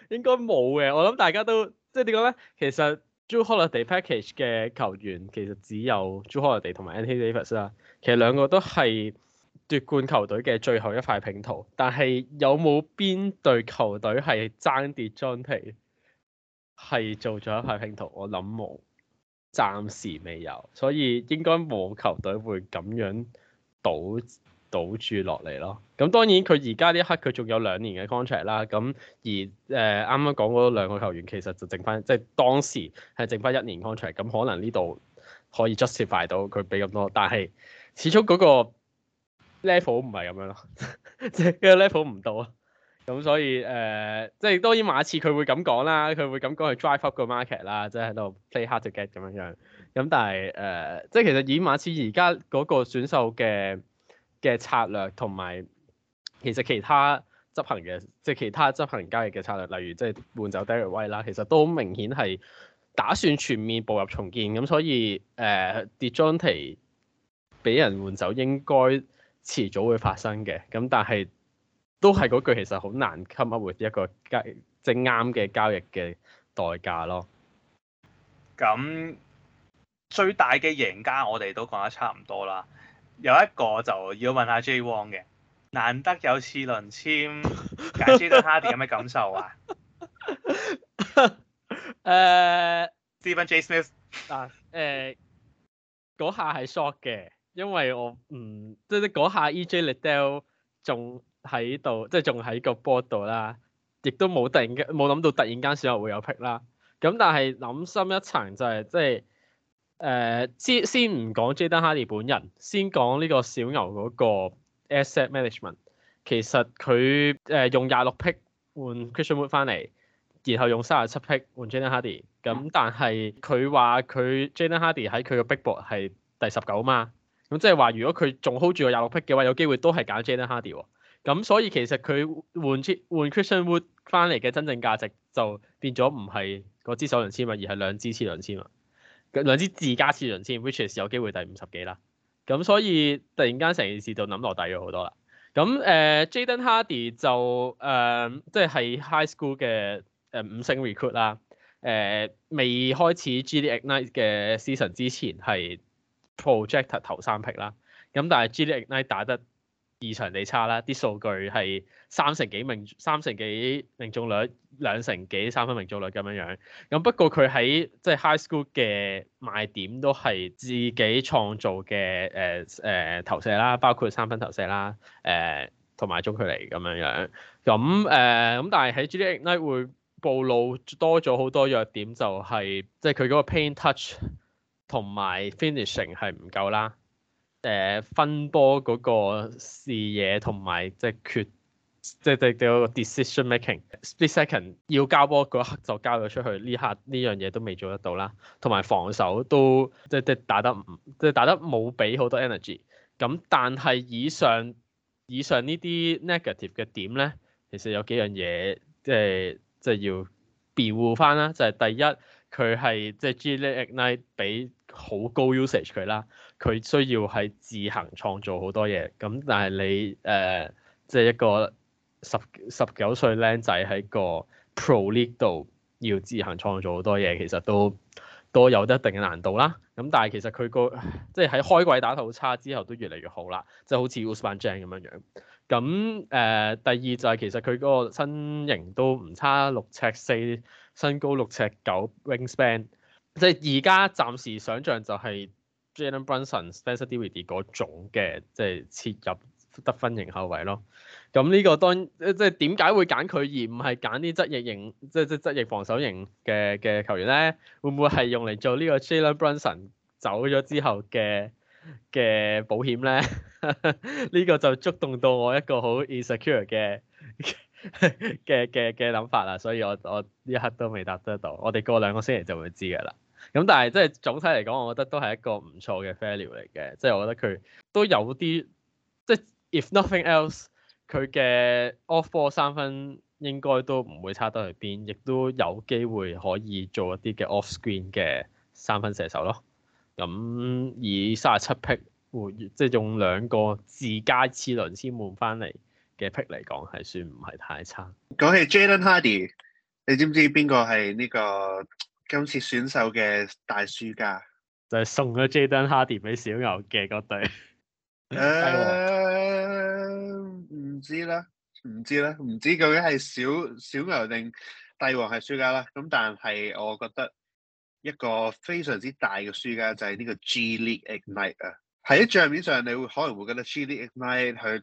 應該冇嘅，我諗大家都即係點講咧？其實 Jrue Holiday Package 嘅球員其實只有 Jrue Holiday 同埋 Anthony Davis 啦。其實兩個都係。奪冠球隊嘅最後一塊拼圖，但係有冇邊隊球隊係爭奪張皮？係做咗一塊拼圖？我諗冇，暫時未有，所以應該冇球隊會咁樣賭賭住落嚟咯。咁當然佢而家呢一刻佢仲有兩年嘅 contract 啦。咁而誒，啱啱講嗰兩個球員其實就剩翻，即係當時係剩翻一年 contract，咁可能呢度可以 justify 到佢俾咁多，但係始終嗰個。level 唔係咁樣咯 不到、 呃，即係個 level 唔到啊，咁所以誒，即係當然馬刺佢會咁講啦，佢會咁講去 drive up 個 market 啦，即係喺度 play hard to get 咁樣樣，咁但係誒、呃，即係其實以馬刺而家嗰個選秀嘅嘅策略同埋，其實其他執行嘅，即係其他執行交易嘅策略，例如即係換走 Derrick White 啦，其實都好明顯係打算全面步入重建，咁所以誒，Dejounte 俾人換走應該遲早會發生嘅，咁但係都係嗰句，其實好難 come up with 一個正啱嘅交易嘅代價咯。咁最大嘅贏家，我哋都講得差唔多啦。有一個就要問下 J. Wong 嘅，難得有次輪籤，解知得他哋有咩感受啊？誒，Steven J. Smith？嗱誒，嗰下係 shock 嘅。因為我唔即係啲下 E.J. Liddell 仲喺度，即係仲喺個 board 度啦，亦都冇突然間冇諗到突然間小牛會有 pick 啦。咁但係諗深一層就係即係誒先先唔講 Jaden Hardy 本人，先講呢個小牛嗰個 asset management。其實佢誒用廿六 pick 換 Christian Wood 翻嚟，然後用卅七 pick 換 Jaden Hardy。咁但係佢話佢 Jaden Hardy 喺佢嘅 big board 係第十九嘛。咁即係話，如果佢仲 hold 住個廿六 pick 嘅話，有機會都係揀 Jaden Hardy 喎。咁、嗯、所以其實佢換切 Christian Wood 翻嚟嘅真正價值就變咗唔係嗰支首輪簽，而係兩支次輪簽，兩支自家次輪簽，which is 有機會第五十幾啦。咁、嗯、所以突然間成件事就諗落底咗好多啦。咁、嗯、誒、呃、Jaden Hardy 就誒即係係 High School 嘅誒、呃、五星 Recruit 啦、呃。誒未開始 G League Ignite 嘅 Season 之前係 project 頭三 pick 啦，咁但係 G League Ignite 打得異常地差啦，啲數據係三成幾命，三成幾命中率，兩成幾三分命中率咁樣樣。咁不過佢喺即係 high school 嘅賣點都係自己創造嘅誒誒投射啦，包括三分投射啦，誒同埋中距離咁樣樣。咁誒咁但係喺 G League Ignite 會暴露多咗好多弱點、就係，就係即係佢嗰個 paint touch。同埋 finishing 係唔夠啦，誒分波嗰個視野同埋即係決即係即係嗰個 decision making split second 要交波嗰刻就交咗出去，呢刻呢樣嘢都未做得到啦。同埋防守都即係即係打得唔即係打得冇俾好多 energy。咁但係以上以上呢啲 negative 嘅點咧，其實有幾樣嘢即係即係要辯護翻啦，就係第一。佢係即係 G League Ignite 俾好高 usage 佢啦，佢需要係自行創造好多嘢。咁但係你誒、呃、即係一個十十九歲僆仔喺個 Pro League 度要自行創造好多嘢，其實都都有一定嘅難度啦。咁但係其實佢個即係喺開季打得好差之後，都越嚟越好啦。即係好似 Ousmane Dieng 咁樣樣。咁誒、呃、第二就係其實佢嗰個身型都唔差六尺四。身高六尺九，wingspan 即係而家暫時想像就係 Jalen Brunson、Spencer Dinwiddie 嗰種嘅，即係切入得分型後衞咯。咁呢個當即係點解會揀佢而唔係揀啲質翼型，即係即係質翼防守型嘅嘅球員咧？會唔會係用嚟做呢個 Jalen Brunson 走咗之後嘅嘅保險咧？呢 個就觸動到我一個好 insecure 嘅。嘅嘅嘅諗法啦，所以我我呢刻都未答得到，我哋過兩個星期就會知噶啦。咁但係即係總體嚟講，我覺得都係一個唔錯嘅 value 嚟嘅，即係我覺得佢都有啲，即係 if nothing else，佢嘅 off ball 三分應該都唔會差得去邊，亦都有機會可以做一啲嘅 off screen 嘅三分射手咯。咁以卅七 pick 換，即係用兩個自家次輪先換翻嚟。嘅癖嚟講係算唔係太差。講起 Jaden Hardy，你知唔知邊、邊個係呢個今次選秀嘅大輸家？就係送咗 Jaden Hardy 俾小牛嘅嗰隊。誒 王，唔、uh, 知啦，唔知啦，唔知究竟係小小牛定帝王係輸家啦。咁但係我覺得一個非常之大嘅輸家就係呢個 G League Ignite。喺賬、啊、面上，你會可能會覺得 G League Ignite 佢。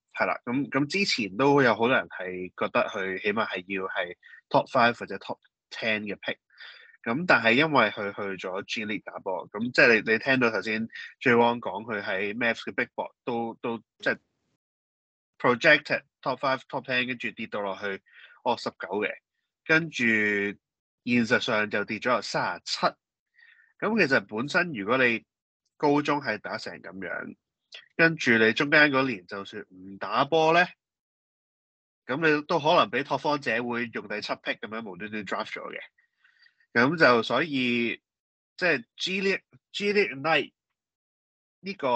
係啦，咁咁、嗯嗯、之前都有好多人係覺得佢起碼係要係 top five 或者 top ten 嘅 pick，咁、嗯、但係因為佢去咗 G League 打波，咁、嗯、即係你你聽到頭先 J Wong 講佢喺 Mavs 嘅 big board 都都即係 projected top five top ten，跟住跌到落去哦十九嘅，跟住現實上就跌咗有三十七，咁其實本身如果你高中係打成咁樣。跟住你中間嗰年就算唔打波咧，咁你都可能俾拓荒者會用第七 pick 咁樣無端端 draft 咗嘅。咁就所以即係 G League、G League Night 呢個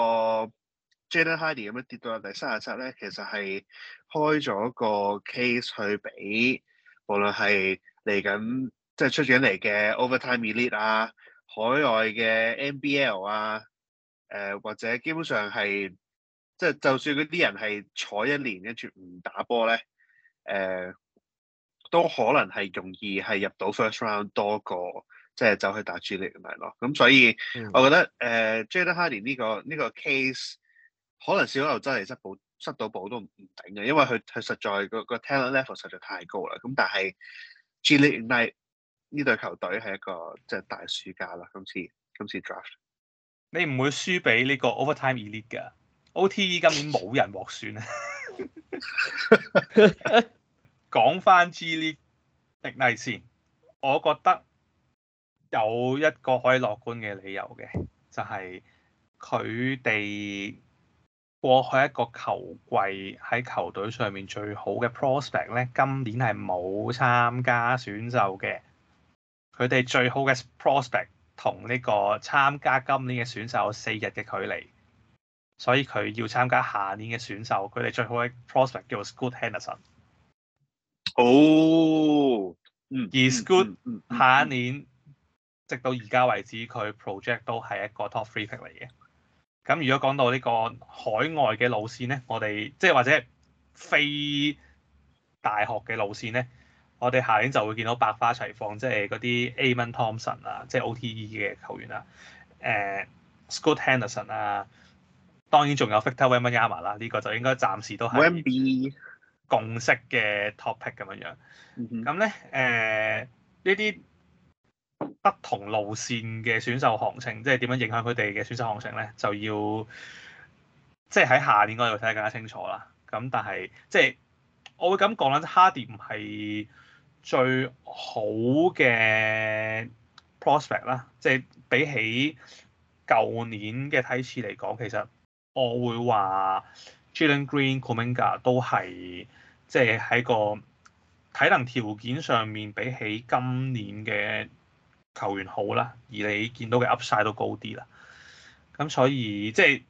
Jaden Hardy 咁樣跌到第三十七咧，其實係開咗個 case 去俾無論係嚟緊即係出咗嚟嘅 Overtime Elite 啊，海外嘅 NBL 啊。誒、呃、或者基本上係即係就算嗰啲人係坐一年跟住唔打波咧，誒、呃、都可能係容易係入到 first round 多過即係走去打 G League 咁樣咯。咁、嗯、所以我覺得誒、呃、Jaden Hardy 呢、這個呢、這個 case 可能小牛真係執寶執到寶都唔頂嘅，因為佢佢實在、那個個 talent level 實在太高啦。咁、嗯、但係 G League Ignite 呢隊球隊係一個即係大輸家啦。今次今次 draft。你唔會輸俾呢個 Overtime Elite 噶，OTE 今年冇人獲選啊！ 講翻 G League Ignite 先，我覺得有一個可以樂觀嘅理由嘅，就係佢哋過去一個球季喺球隊上面最好嘅 Prospect 咧，今年係冇參加選秀嘅，佢哋最好嘅 Prospect。同呢個參加今年嘅選秀四日嘅距離，所以佢要參加下年嘅選秀，佢哋最好嘅 prospect 叫做 Scoot Henderson。哦，嗯，嗯嗯 而 Scoot 下一年直到而家為止，佢 project 都係一個 top three pick 嚟嘅。咁如果講到呢個海外嘅路線咧，我哋即係或者非大學嘅路線咧。我哋下年就會見到百花齊放，即係嗰啲 Amen Thompson 啊，即係 OTE 嘅球員啊誒、呃、Scoot Henderson 啊，當然仲有 Victor Wembanyama 啦，呢個就應該暫時都係共識嘅 topic 咁樣樣。咁咧誒，呢、呃、啲不同路線嘅選手行情，即係點樣影響佢哋嘅選手行情咧，就要即係喺下年嗰度睇得更加清楚啦。咁但係即係我會咁講啦哈迪唔係。最好嘅 prospect 啦，即係比起舊年嘅梯次嚟講，其實我會話 Jalen Green、Kuminga 都係即係喺個體能條件上面比起今年嘅球員好啦，而你見到嘅 Upside 都高啲啦，咁所以即係。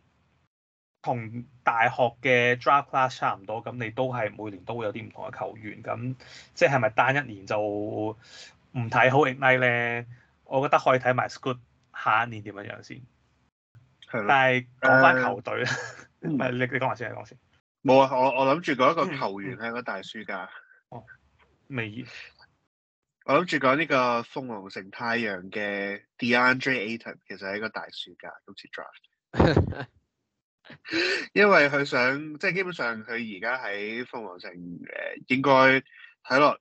同大學嘅 draft class 差唔多，咁你都係每年都會有啲唔同嘅球員，咁即係咪單一年就唔睇好 Ignite 咧？我覺得可以睇埋 Scoot 下一年點樣樣先。係咯。但係講翻球隊啊，唔係、嗯、 你、嗯、你講埋先，我先。冇啊！我我諗住講一個球員係一個大輸家。嗯嗯嗯、哦。未。我諗住講呢個鳳凰城太陽嘅 DeAndre Ayton，其實係一個大輸家，今次 draft。 因為佢想，即係基本上佢而家喺鳳凰城，誒、呃，應該睇落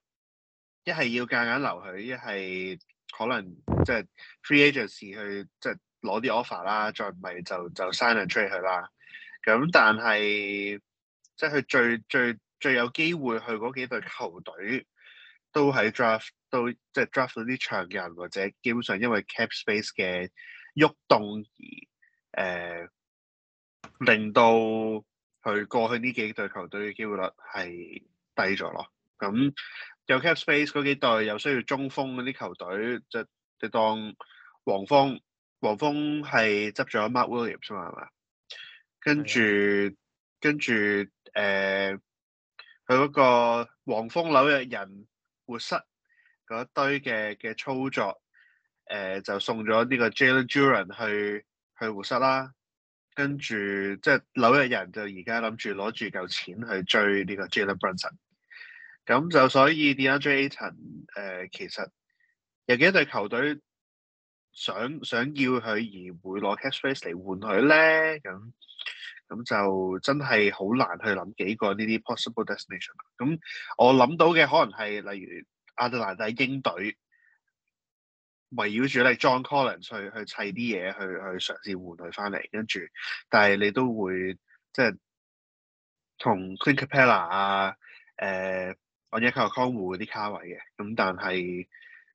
一係要夾硬留佢，一係可能即係 free agency 去即係攞啲 offer 啦，再唔係就就 sign and trade 佢啦。咁、嗯、但係即係佢最最最有機會去嗰幾隊球隊，都、就、係、是、draft 都即係 draft 到啲長人，或者基本上因為 cap space 嘅喐動而誒。呃令到佢過去呢幾隊球隊嘅機會率係低咗咯。咁有 cap space 嗰幾隊又需要中鋒嗰啲球隊，就就當黃蜂，黃蜂係執咗 Mark Williams 嘛係嘛？跟住的跟住，誒佢嗰個黃蜂紐約人、活塞嗰一堆嘅嘅操作，誒、呃、就送咗呢個 Jalen Duren 去去活塞啦。跟住，即係紐約人就而家諗住攞住嚿錢去追呢個 Jalen Brunson，咁就所以 DeAndre Ayton，誒其實有幾多隊球隊想想要佢而會攞 cash space 嚟換佢咧？咁咁就真係好難去諗幾個呢啲 possible destination。咁我諗到嘅可能係例如亞特蘭大鷹隊。圍繞住你 John Collins 去去砌啲嘢，去去嘗試換佢翻嚟，跟住，但係你都會即係同 Clint Capela 啊，誒、呃，或者 Okongwu 啲卡位嘅，咁但係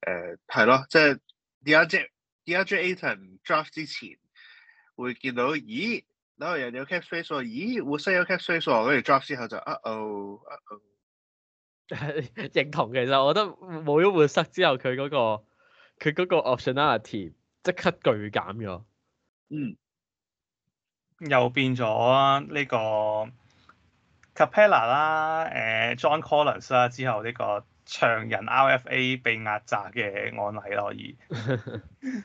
誒係咯，即係而家即係而家 j a t e n Draft 之前會見到咦，嗰個人有 Cap Space 喎、哦，咦，活塞有 Cap Space 喎、哦，跟住 Draft 之後就呃，哦呃，哦， 認同，其實我覺得冇咗活塞之後，佢嗰、那個。佢嗰個 optionality 即刻巨減咗，嗯，又變咗呢、這個 Capella 啦，誒、呃、John Collins 啦，之後呢個長人 RFA 被壓榨嘅案例咯，而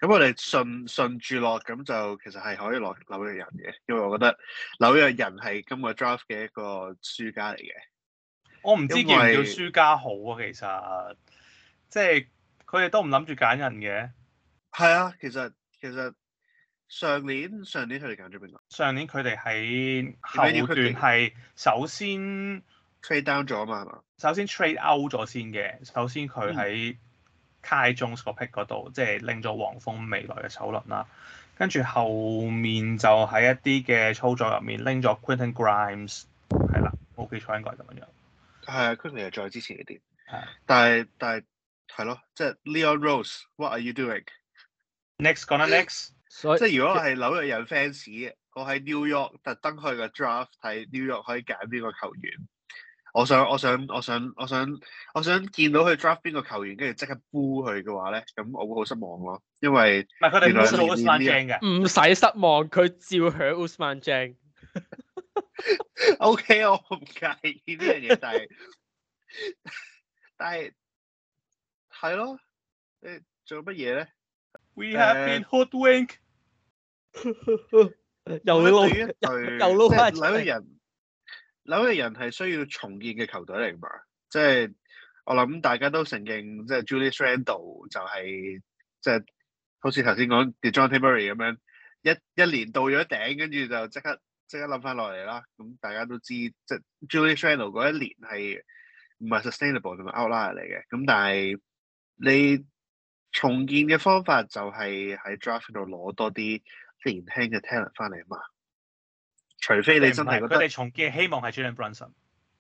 咁我哋順順住落，咁就其實係可以落紐約人嘅，因為我覺得紐約人係今個 draft 嘅一個輸家嚟嘅。我唔知為叫唔叫輸家好啊，其實即係佢哋都唔諗住揀人嘅。係啊，其實其實上年上年佢哋揀咗邊個？上年佢哋喺後段係首先，先 trade down 咗啊嘛，係嘛？首先 trade out 咗先嘅，首先佢喺 Kai Jones 個 pick 嗰度，即係拎咗黃蜂未來嘅首輪啦。跟住後面就喺一啲嘅操作入面拎咗 Quentin Grimes，係啦，OK，冇記錯應該係咁樣。係 啊，佢哋係再支持你啲。係，但係但係係咯，即係 Leon Rose，What are you doing next？講 gonna 緊 next，是所以即係是如果我係紐，紐約人 fans，我喺 New York 特登去個 draft 睇 New York 可以揀邊個球員。我想我想我想我想我想見到佢 draft 邊個球員，跟住即刻呼佢嘅話咧，咁我會好失望咯。因為唔係佢哋舖 Uzman j 唔使失望，佢照響 Uzman j o、okay, K，我唔介意呢樣嘢，但係但係係咯，誒、欸、做乜嘢咧？We have been hoodwinked 又撈又撈翻紐約人，紐約 人係需要重建嘅球隊嚟嘛？即、就、係、是、我諗大家都承認，即係 Julius Randle 就係即係好似頭先講的 John Terry 咁樣，一一年到咗頂，跟住就即刻。即刻諗翻落嚟啦，咁大家都知，即係 Julius Randle 嗰一年係唔係 sustainable 同埋 outlier 嚟嘅，咁但係你重建嘅方法就係喺 draft 度攞多啲年輕嘅 talent 翻嚟嘛，除非你真係覺得你重建嘅希望係 Jalen Brunson，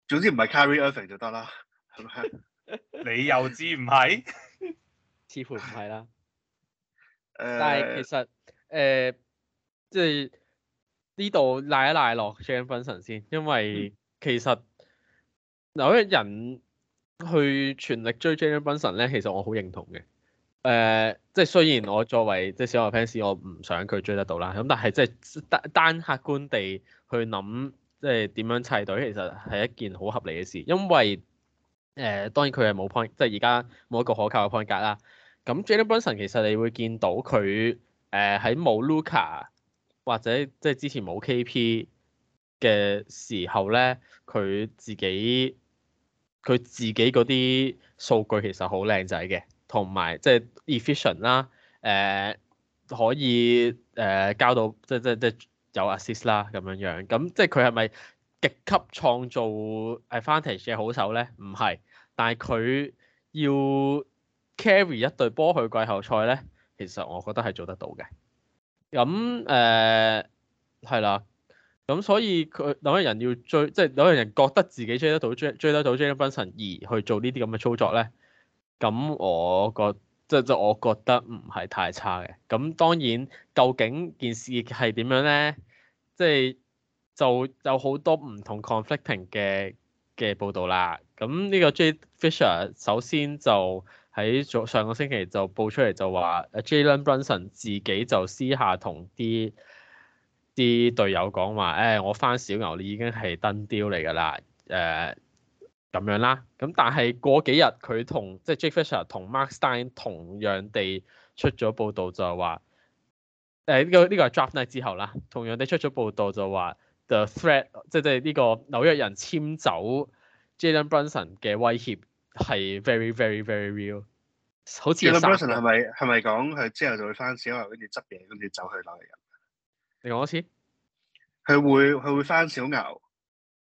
總之唔係 Kyrie Irving 就得啦，係咪？你又知唔係？ 似乎唔係啦。呃、但係其實誒，即、呃、係。就是呢度賴一賴落 James b e n s o n 先，因為其實有一個人去全力追 James b e n s o n g 咧，其實我好認同嘅。誒、呃，即係雖然我作為即係小學 fans，我唔想佢追得到啦。咁但係即係單單客觀地去諗，即係點樣砌隊，其實係一件好合理嘅事。因為誒、呃，當然佢係冇 point，即係而家冇一個可靠嘅 point 格啦。咁 James b e n s o n 其實你會見到佢誒喺冇 l u c a 或者即係之前冇 KP 嘅時候咧，佢自己佢自己嗰啲數據其實好靚仔嘅，同埋即係 efficient、呃呃就是就是、啦，誒可以誒交到即係即係即係有 assist 啦咁樣樣。咁即係佢係咪極級創造 advantage 嘅好手咧？唔係，但係佢要 carry 一隊波去季後賽咧，其實我覺得係做得到嘅。咁誒，係啦，咁、呃、所以佢有啲人要追，即、就、係、是、有啲人覺得自己追得到，追得到追得到 Jalen Brunson 而去做呢啲咁嘅操作咧。咁我覺，即係就我覺得唔係、就是、太差嘅。咁當然，究竟件事係點樣咧？即、就、係、是、就有好多唔同 conflicting 嘅嘅報道啦。咁呢個 Jake Fischer 首先就。喺昨上個星期就報出嚟就話 Jalen Brunson 自己就私下同啲啲隊友講話，誒、哎、我翻小牛你已經係登釣嚟㗎啦，誒、呃、咁樣啦。咁但係過幾日佢同即係 Jake Fisher 同 Mark Stein 同樣地出咗報道，就係話呢個呢、這個係 Draft Night 之後啦，同樣地出咗報道就話 The Threat 即係即係呢個紐約人簽走 Jalen Brunson 嘅威脅。係 very very very real 好似 Brunson 係咪係咪講佢之後就會返小牛，跟住執嘢，跟住走去紐約？你講多次。佢會佢會返小牛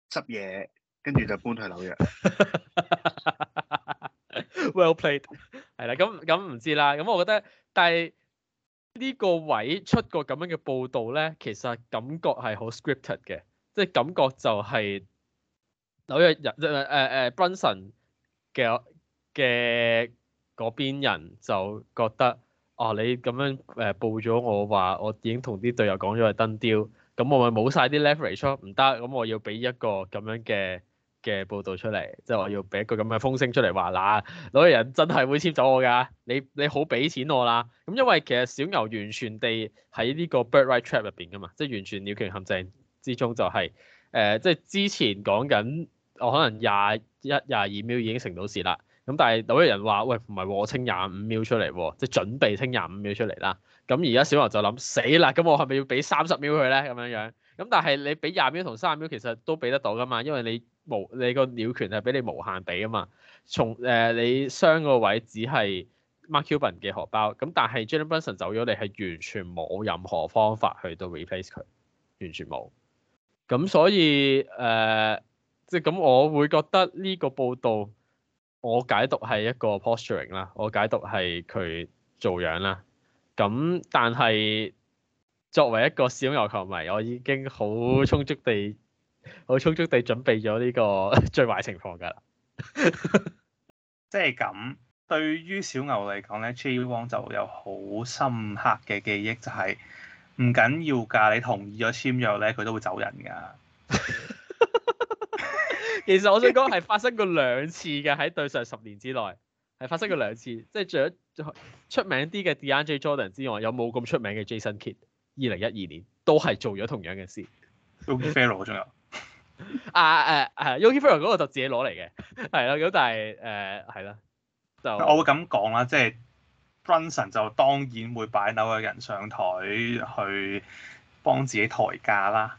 執嘢，跟住就搬去紐約。 well played。 係啦，咁咁唔知啦。咁我覺得，但係呢個位出個咁樣嘅報導咧，其實感覺係好 scripted 嘅，即係感覺就係紐約人誒誒 Brunson。呃呃呃 Br 嘅嘅嗰邊人就覺得，哦、啊，你咁樣誒、呃、報咗我話，我已經同啲隊友講咗係燈雕。咁我咪冇晒啲 leverage 咯，唔得，咁我要俾一個咁樣嘅嘅報導出嚟，即係我要俾一個咁嘅風聲出嚟，話、啊、嗱，嗰個人真係會簽走我㗎，你你好俾錢我啦，咁、嗯、因為其實小牛完全地喺呢個 bird right trap 入邊㗎嘛，即係完全鳥權陷阱之中就係、是，誒、呃，即係之前講緊。我可能廿一、廿二秒已經成到事啦。咁但係有啲人話，喂，唔係我，我清廿五秒出嚟，即係準備清廿五秒出嚟啦。咁而家小牛就諗死啦。咁我係咪要俾三十秒佢咧？咁樣樣。咁但係你俾廿秒同三十秒其實都俾得到噶嘛？因為你無你個鳥權係俾你無限俾啊嘛。從誒、呃、你傷個位只係 Mark Cuban 嘅荷包。咁但係 Jalen Brunson 走咗，你係完全冇任何方法去到 replace 佢，完全冇。咁所以誒。呃即咁，我會覺得呢個報道，我解讀係一個 posturing 啦，我解讀係佢做樣啦。咁但係作為一個小牛球迷，我已經好充足地、好充足地準備咗呢個最壞情況㗎啦。 即係咁，對於小牛嚟講咧，J. 王就有好深刻嘅記憶，就係唔緊要㗎，你同意咗簽約咧，佢都會走人㗎。 其實我想講係發生過兩次嘅，喺對上十年之內係發生過兩次，即係除咗出名啲嘅 DeAndre Jordan 之外，有冇咁出名嘅 Jason Kidd？二零一二年都係做咗同樣嘅事。 Yogi Ferrell 仲有啊？誒係 Yogi Ferrell 嗰個就自己攞嚟嘅，係啦如果，但係誒係啦，就我會咁講啦，即、就、係、是、Brunson 就當然會擺扭嘅人上台去幫自己抬價啦。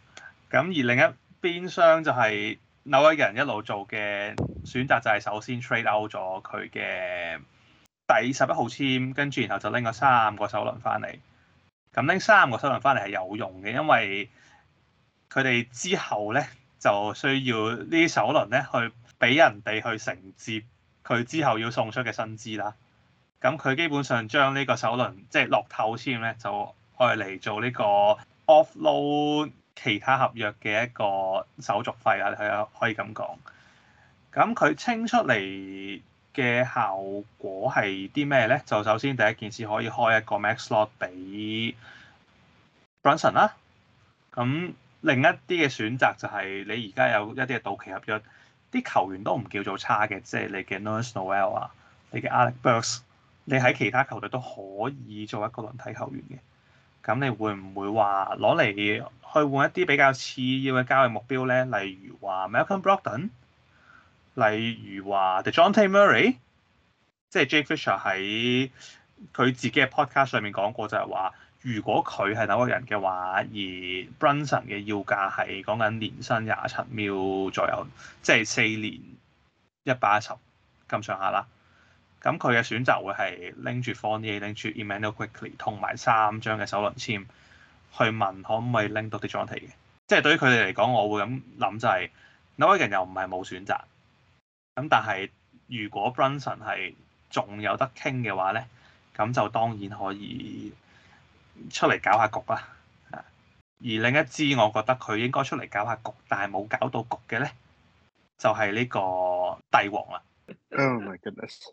咁而另一邊廂就係、是。紐威人一路做嘅選擇就係首先 trade out 咗佢嘅第十一號簽，跟住然後就拎咗三個首輪翻嚟。咁拎三個首輪翻嚟係有用嘅，因為佢哋之後咧就需要呢啲首輪咧去俾人哋去承接佢之後要送出嘅薪資啦。咁佢基本上將呢個首輪即係樂透簽咧，就攞、是、嚟做呢個 offload。其他合約嘅一個手續費啊，係啊，可以咁講。咁佢清出嚟嘅效果係啲咩咧？就首先第一件事可以開一個 max l o t 俾 Brunson 啦。咁另一啲嘅選擇就係你而家有一啲嘅到期合約，啲球員都唔叫做差嘅，即係你嘅 Nunez Noel 啊，你嘅 Alex b u r k s 你喺其他球隊都可以做一個輪替球員嘅。咁你會唔會話攞嚟去換一啲比較次要嘅交易目標咧？例如話 Malcolm Brogdon，例如話 Dejounte Murray，即係 Jake Fisher 喺佢自己嘅 podcast 上面講過就係話，如果佢係紐約人嘅話，而 Brunson 嘅要價係講緊年薪廿七秒左右，即係四年一百一十咁上下啦。咁佢嘅選擇會係拎住 Fournier，拎住 Immanuel Quickley，同埋三張嘅首輪籤去問可唔可以拎到啲 Dejounte 即係對於佢哋嚟講，我會咁諗就係、是、紐約人、那個、又唔係冇選擇。咁但係如果 Brunson 係仲有得傾嘅話咧，咁就當然可以出嚟搞下局啦。而另一支我覺得佢應該出嚟搞下局，但係冇搞到局嘅咧，就係、是、呢個帝王啦。Oh my goodness.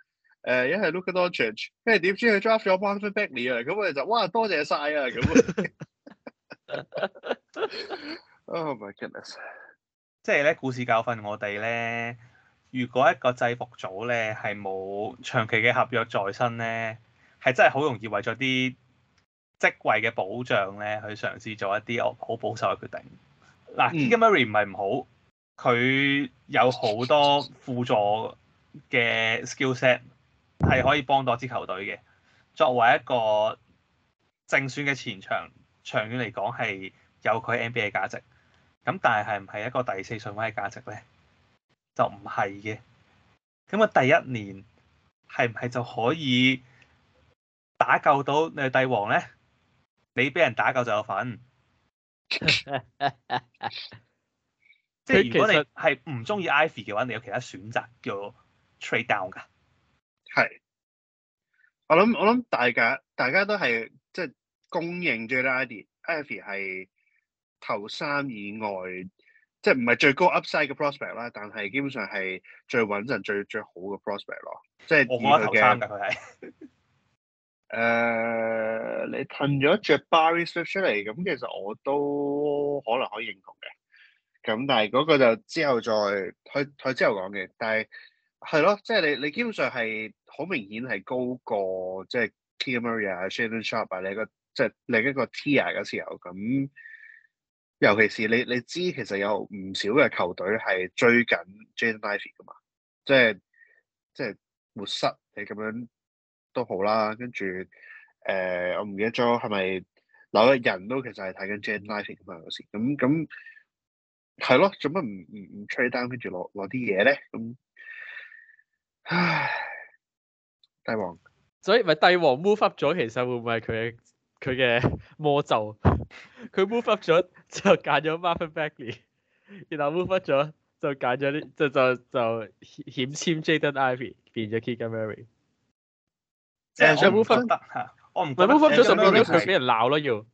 誒，一係 Luka Doncic，跟住點知佢 drop 咗 Marvin Bagley 啊？咁我哋就哇，多謝晒啊！咁，Oh my goodness，即係咧，故事教訓我哋咧，如果一個制服組咧係冇長期嘅合約在身咧，係真係好容易為咗啲職位嘅保障咧，去嘗試做一啲我好保守嘅決定。嗱，Marvin 唔係唔好，佢有好多輔助嘅 skillset。係可以幫到支球隊嘅，作為一個正選嘅前場，長遠嚟講係有佢 NBA 嘅價值。咁但係係唔係一個第四順位嘅價值咧？就唔係嘅。咁啊，第一年係唔係就可以打救到你帝王咧？你俾人打救就有份。 即係如果你係唔中意 Ivy 嘅話，你有其他選擇叫 trade down 㗎。係，我諗我諗大家大家都係即係公認最叻啲，Avery 係頭三以外，即係唔係最高 Upside 嘅 Prospect 啦，但係基本上係最穩陣、最最好嘅 Prospect 咯。即係我冇得頭三佢係。誒 、呃，你噴咗隻 Barry Swift 出嚟，咁其實我都可能可以認同嘅。咁但係嗰個就之後再佢去之後講嘅，但係。係咯，即係你你基本上係好明顯係高過即係 k i m a r i a Shaedon Sharpe 啊，你個即係另一個 tier 啊嗰時候咁，尤其是你你知其實有唔少嘅球隊係追緊 Jaden Ivey 噶嘛，即係即係活塞。你咁樣都好啦，啊，跟住誒我唔記得咗係咪嗱，人都其實係睇緊 Jaden Ivey 咁嘛。嗰時，咁咁係咯，做乜唔唔唔 trade down 跟住攞攞啲嘢咧咁？唉，帝皇，所以咪帝王。帝王 move up 咗，其實會唔會係佢佢嘅魔咒？佢 move up 咗就揀咗 Marvin Bagley，然後 move up 咗就揀咗啲就就就險簽 Jaden Ivey 變咗 Keegan Murray。正想、嗯、move up 得吓，我唔，咪 move up 咗就變咗佢俾人鬧咯要。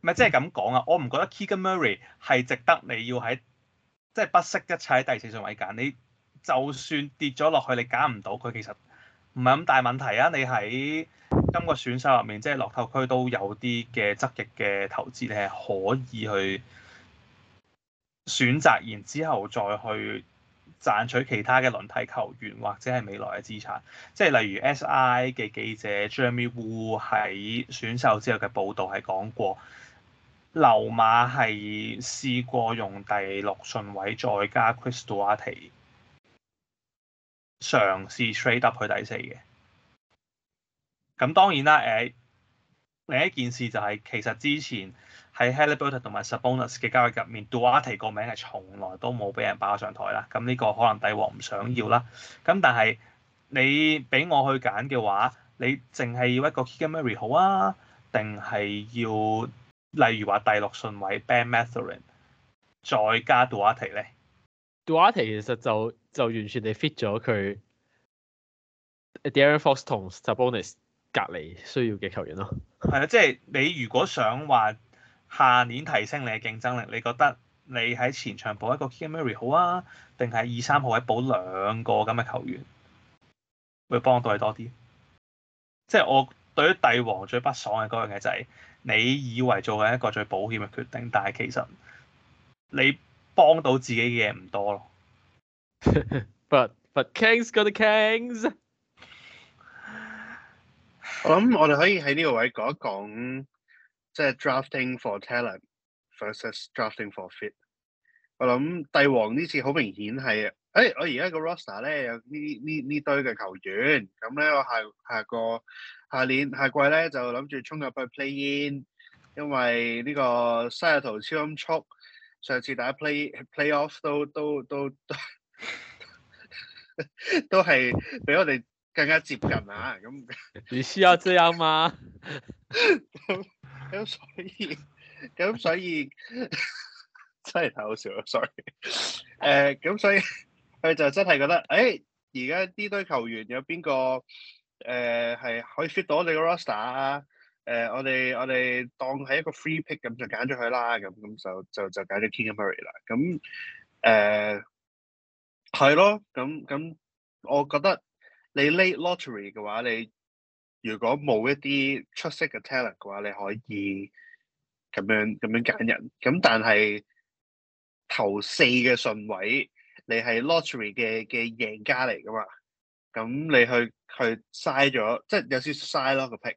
咪即係咁講啊，我唔覺得 Keegan Murray 係值得你要喺即係不惜一切喺第四順位揀你。就算跌咗落去，你揀唔到佢，其實唔係咁大問題啊。你喺今個選秀入面，即係樂透區都有啲嘅積極嘅投資，你係可以去選擇，然之後再去賺取其他嘅輪替球員或者係未來嘅資產。即係例如 S.I 嘅記者 Jeremy Woo 喺選秀之後嘅報導係講過，溜馬係試過用第六順位再加 Chris Duarte。嘗試 trade up 去第四嘅，咁當然啦，誒、欸、另一件事就係、是、其實之前喺 Haliburton 同埋 Sabonis 嘅交易入面 Duarte 個名係從來都冇俾人擺上台啦，咁呢個可能帝王唔想要啦，咁但係你俾我去揀嘅話，你淨係要一個 Keegan Murray 好啊，定係要例如話第六順位 Ben Mathurin 再加 Duarte 咧？話題其實就就完全地 fit 咗佢 De'Aaron Fox 同 Sabonis 隔離需要嘅球員咯。係啊，即係你如果想話下年提升你嘅競爭力，你覺得你喺前場補一個 Keegan Murray 好啊，定係二三號位補兩個咁嘅球員會幫到你多啲？即係我對於帝王最不爽嘅嗰樣嘢就係你以為做緊一個最保險嘅決定，但係其實你，幫到自己嘅嘢唔多咯。But but kings got the kings。我諗我哋可以喺呢個位講一講，即係 drafting for talent versus drafting for fit。我諗帝王呢次好明顯係，誒我而家個 roster 咧有呢呢呢堆嘅球員，咁咧我下下個下年下季咧就諗住衝入去 play in，因為呢個西雅圖超音速。上次大家 play play off 都都都都都係俾我哋更加接近啊！咁你需要這樣嗎？咁 所以咁所以 真係太好笑啦。Sorry。誒咁、 呃、所以佢就真係覺得，誒而家呢堆球員有邊個誒係可以 fit 到你個 roster 啊？誒、uh，我哋我哋當係一個 free pick 咁就揀咗佢啦，咁咁就就就揀咗 King and Mary 啦。咁誒係咯，咁咁我覺得你 late lottery 嘅話，你如果冇一啲出色嘅 talent 嘅話，你可以咁樣咁樣揀人。咁但係頭四嘅順位，你係 lottery 嘅嘅贏家嚟噶嘛？咁你去去嘥咗，即係有少少嘥咯個 pick。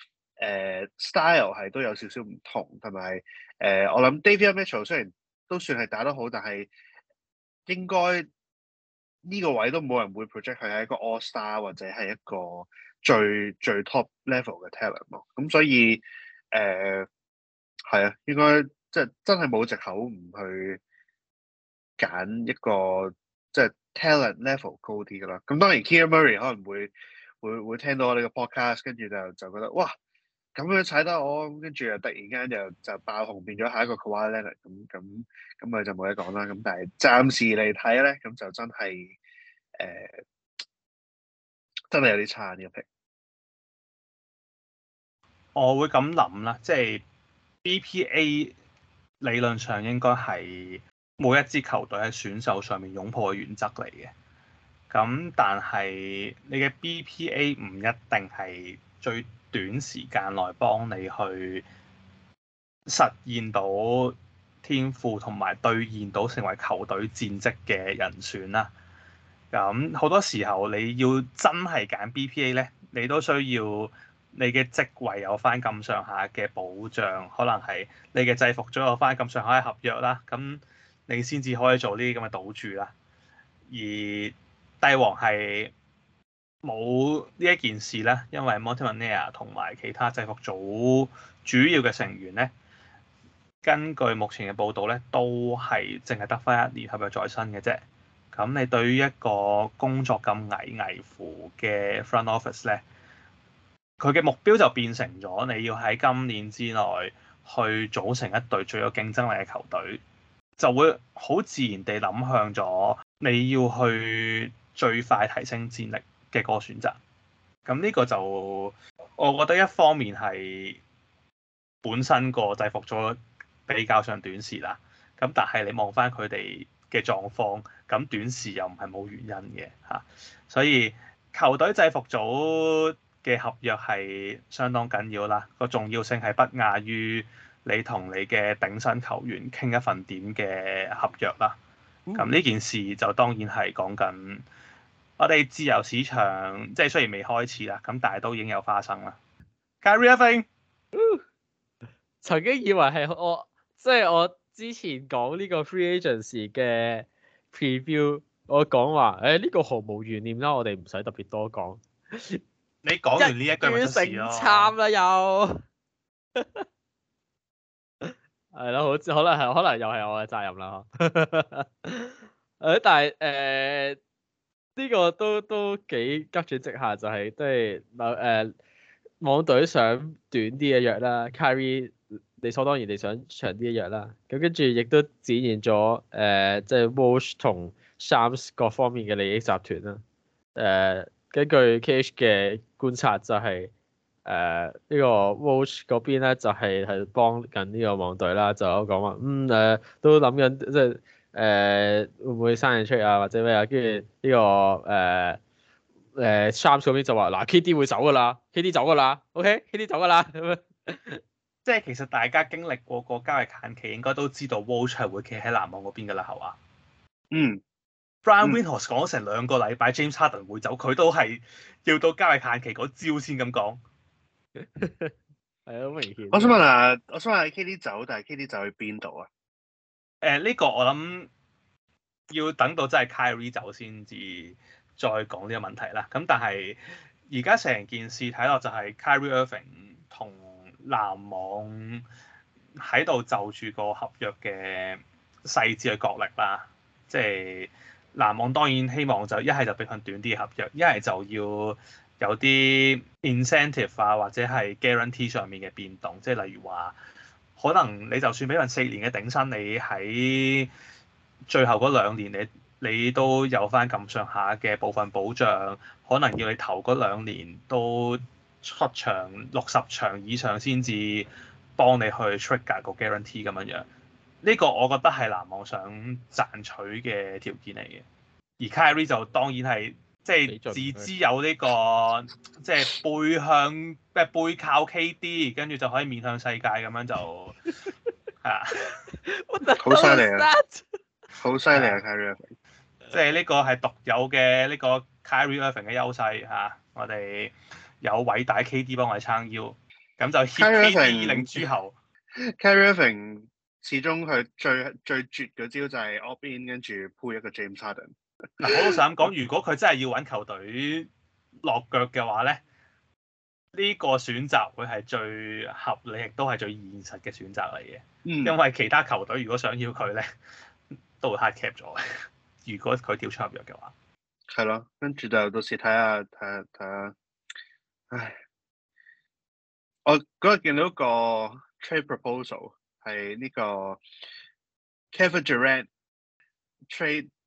誒、uh, style 係都有少少唔同，同埋誒我諗 David Mitchell 雖然都算係打得好，但係應該呢個位都冇人會 project 佢係一個 All Star 或者係一個最最 top level 嘅 talent 咯。咁所以誒係、uh, 啊，應該即係、就是、真係冇藉口唔去揀一個即係、就是、talent level 高啲噶啦。咁當然 Kia Murray 可能會會會聽到我哋個 podcast，跟住就就覺得哇！咁樣踩得我，跟住又突然間就就爆紅，變咗下一個 co-founder 咁咁咁，咪就冇得講啦。咁但係暫時嚟睇咧，咁就真係誒、呃，真係有啲差呢一 pick。我會咁諗啦，即係 BPA 理論上應該係每一支球隊喺選手上面擁抱嘅原則嚟嘅。咁但係你嘅 BPA 唔一定係最。短時間內幫你去實現到天賦同埋兌現到成為球隊戰績嘅人選啦。咁好多時候你要真係揀 BPA 咧，你都需要你嘅職位有翻咁上下嘅保障，可能係你嘅制服組有翻咁上下嘅合約啦。咁你先至可以做呢啲咁嘅賭注啦。而帝王係。冇呢一件事咧，因為 Monte McNair 同埋其他制服組主要嘅成員咧，根據目前嘅報道咧，都係淨係得翻一年合約在身嘅啫。咁你對於一個工作咁危危乎嘅 front office 咧，佢嘅目標就變成咗你要喺今年之內去組成一隊最有競爭力嘅球隊，就會好自然地諗向咗你要去最快提升戰力。嘅個選擇，咁呢個就我覺得一方面係本身個制服組比較上短視啦，咁但係你望返佢哋嘅狀況，咁短視又唔係冇原因嘅吓，所以球隊制服組嘅合約係相當緊要啦，個重要性係不亞於你同你嘅頂薪球員傾一份點嘅合約啦，咁呢件事就當然係講緊。我哋自由市場即係雖然未開始啦，咁但係都已經有花生啦。c a r r y thing！曾經以為係我即係、就是、我之前講呢個 free agency 嘅 preview，我講話誒呢個毫無懸念啦，我哋唔使特別多講。你講完呢一句就事咯。一語 成讖啦，又係啦，好可能係可能又係我嘅責任啦。誒， 但係誒。呢個都都幾急轉直下，就係即係網誒網隊想短啲嘅約啦，Kyrie 理所當然地想長啲嘅約啦。咁跟住亦都展現咗誒，即、呃、係、就是、Woods 同 Shams 各方面嘅利益集團啦。誒、呃、根據 KH 嘅觀察就係誒呢個 Woods 嗰邊咧就係、是、係幫緊呢個網隊啦，就有講話嗯誒、呃、都諗緊即係。就是誒、呃、會唔會生日出啊？或者咩啊？跟住呢個誒誒 shams 嗰邊就話：嗱，KD 會走噶啦，KD 走噶啦，OK，KD、okay？走噶啦咁樣。 即係其實大家經歷過個交易限期，應該都知道 Walter 係會企喺南網嗰邊噶啦，係嘛？嗯，Brian、嗯、Windhorst 講成兩個禮拜，James Harden 會走，佢都係要到交易限期嗰朝先咁講。係 好 明顯我、啊。我想問下，我想問 KD 走，但係 KD 走去邊度啊？誒呢個我諗要等到真係 Kyrie 走先至再講呢個問題啦。咁但係而家成件事睇落就係 Kyrie Irving 同籃網喺度就住個合約嘅細節嘅角力啦。即係籃網當然希望就，就一係就俾份短啲合約，一係就要有啲 incentive 啊，或者係 guarantee 上面嘅變動，即係例如話。可能你就算俾份四年嘅頂薪，你喺最後嗰兩年你，你你都有翻咁上下嘅部分保障，可能要你投嗰兩年都出場六十場以上先至幫你去 trigger 個 guarantee 咁樣。呢、呢個我覺得係籃網想賺取嘅條件嚟嘅。而 Kyrie 就當然係。即係自知有呢個，即係背向即係背靠 KD，跟住就可以面向世界咁樣就嚇，好犀利啊！好犀利啊！Kyrie 即係呢個係獨有嘅呢個 Kyrie Irving 嘅優勢嚇，我哋有偉大 KD 幫我哋撐腰，咁就 Kyrie 二零之後，Kyrie Irving 始終佢最最絕嗰招就係 opt in 跟住鋪一個 James Harden。嗱，我都想講，如果佢真係要搵球隊落腳嘅話咧，呢、這個選擇會係最合理，亦都係最現實嘅選擇嚟嘅。 因為其他球隊如果想要佢咧，都會太 cap 咗。如果佢跳出合約嘅話，係外咯 tutor mummy，跟住就到時睇下睇下睇下。唉，我嗰日見到個，trade proposal, 個 trade proposal 係呢個 Kevin Durant trade。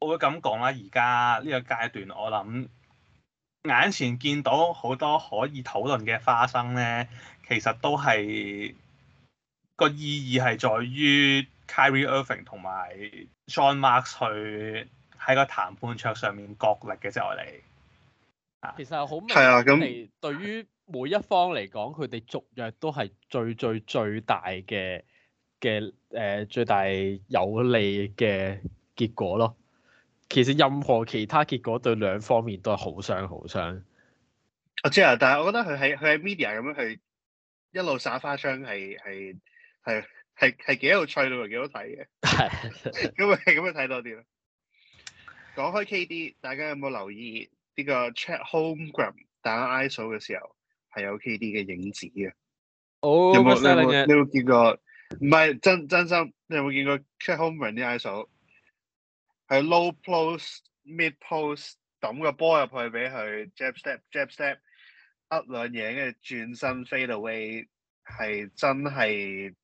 我會咁講啦，而家呢個階段，我諗眼前見到好多可以討論嘅花生咧，其實都係個意義係在於 Kyrie Irving 同埋 John Marks 去喺個談判桌上面角力嘅啫。我哋其實好明係啊，咁你對於每一方嚟講，佢哋續約都係最最最大嘅嘅誒，最大有利嘅結果咯。其實任何其他結果對兩方面都係好傷好傷。我知啊，但係我覺得佢喺佢喺 media 咁樣去一路撒花窗，係係係係係幾好趣，幾好睇嘅。咁咪咁咪睇多啲咯。講開 KD，大家有冇留意呢、這個 check homegram 打 I 手嘅時候係有 KD 嘅影子嘅？有冇你有冇見過？唔係真真心，你有冇見過 check homegram 啲 I 手？佢 low post、mid post，抌個波入去俾佢 jab step, jab step, jab step jab、jab step，握兩嘢，跟住轉身 fade away，係真係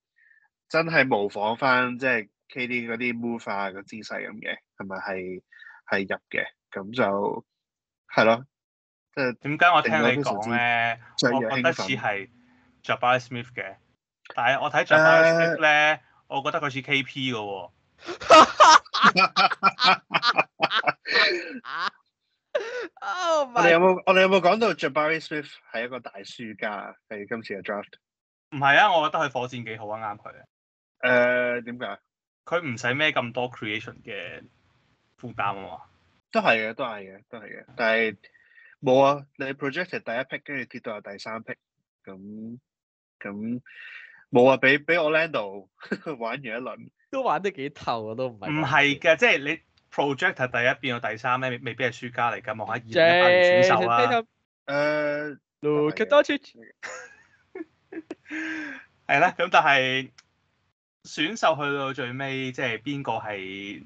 真係模仿返即係 KD 嗰啲 move 啊，個姿勢咁嘅，係咪？係係入嘅，咁就係咯。即係點解我聽我你講咧？我覺得似係 Jabari Smith 嘅，但係我睇 Jabari Smith 咧，uh, 我覺得佢似 KP 嘅喎。 oh、my God. 我哋有冇我哋有冇講到 Jabari Smith 係一個大輸家？喺今次嘅 Draft 唔係啊，我覺得佢火箭幾好啊，啱佢啊。誒、呃，點解？佢唔使孭咁多 creation 嘅負擔啊？都係嘅，都係嘅，都係嘅。但係冇啊，你 projected 第一 pick 跟住跌到係第三 pick 咁咁。冇啊，俾俾 Orlando 玩完一輪，都玩得幾透，我都唔係。唔係嘅。即係你 project 第一變到第三咧，未必係輸家嚟噶，望下二嘅選手啦。誒，Luka Doncic 係啦、uh,，咁 但係選手去到最尾，即係邊個係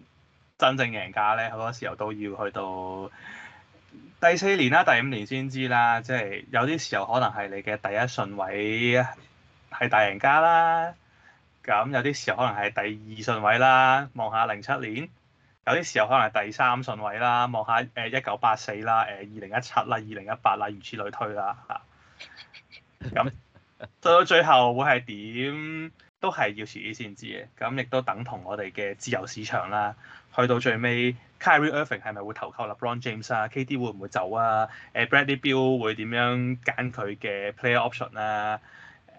真正贏家咧？好多時候都要去到第四年啦、啊、第五年先知啦、啊。即係有啲時候可能係你嘅第一順位。係大贏家啦，咁有啲時候可能係第二順位啦，望下零七年；有啲時候可能係第三順位啦，望下誒一九八四啦、誒二零一七啦、二零一八啦，如此類推啦吓。咁、啊、到、啊、到最後會係點？都係要遲啲先知嘅。咁亦都等同我哋嘅自由市場啦。去到最尾，Kyrie Irving 係咪會投靠 LeBron James 啊？KD 會唔會走啊？誒、啊、Bradley Beal 會點樣揀佢嘅 Player Option 啊？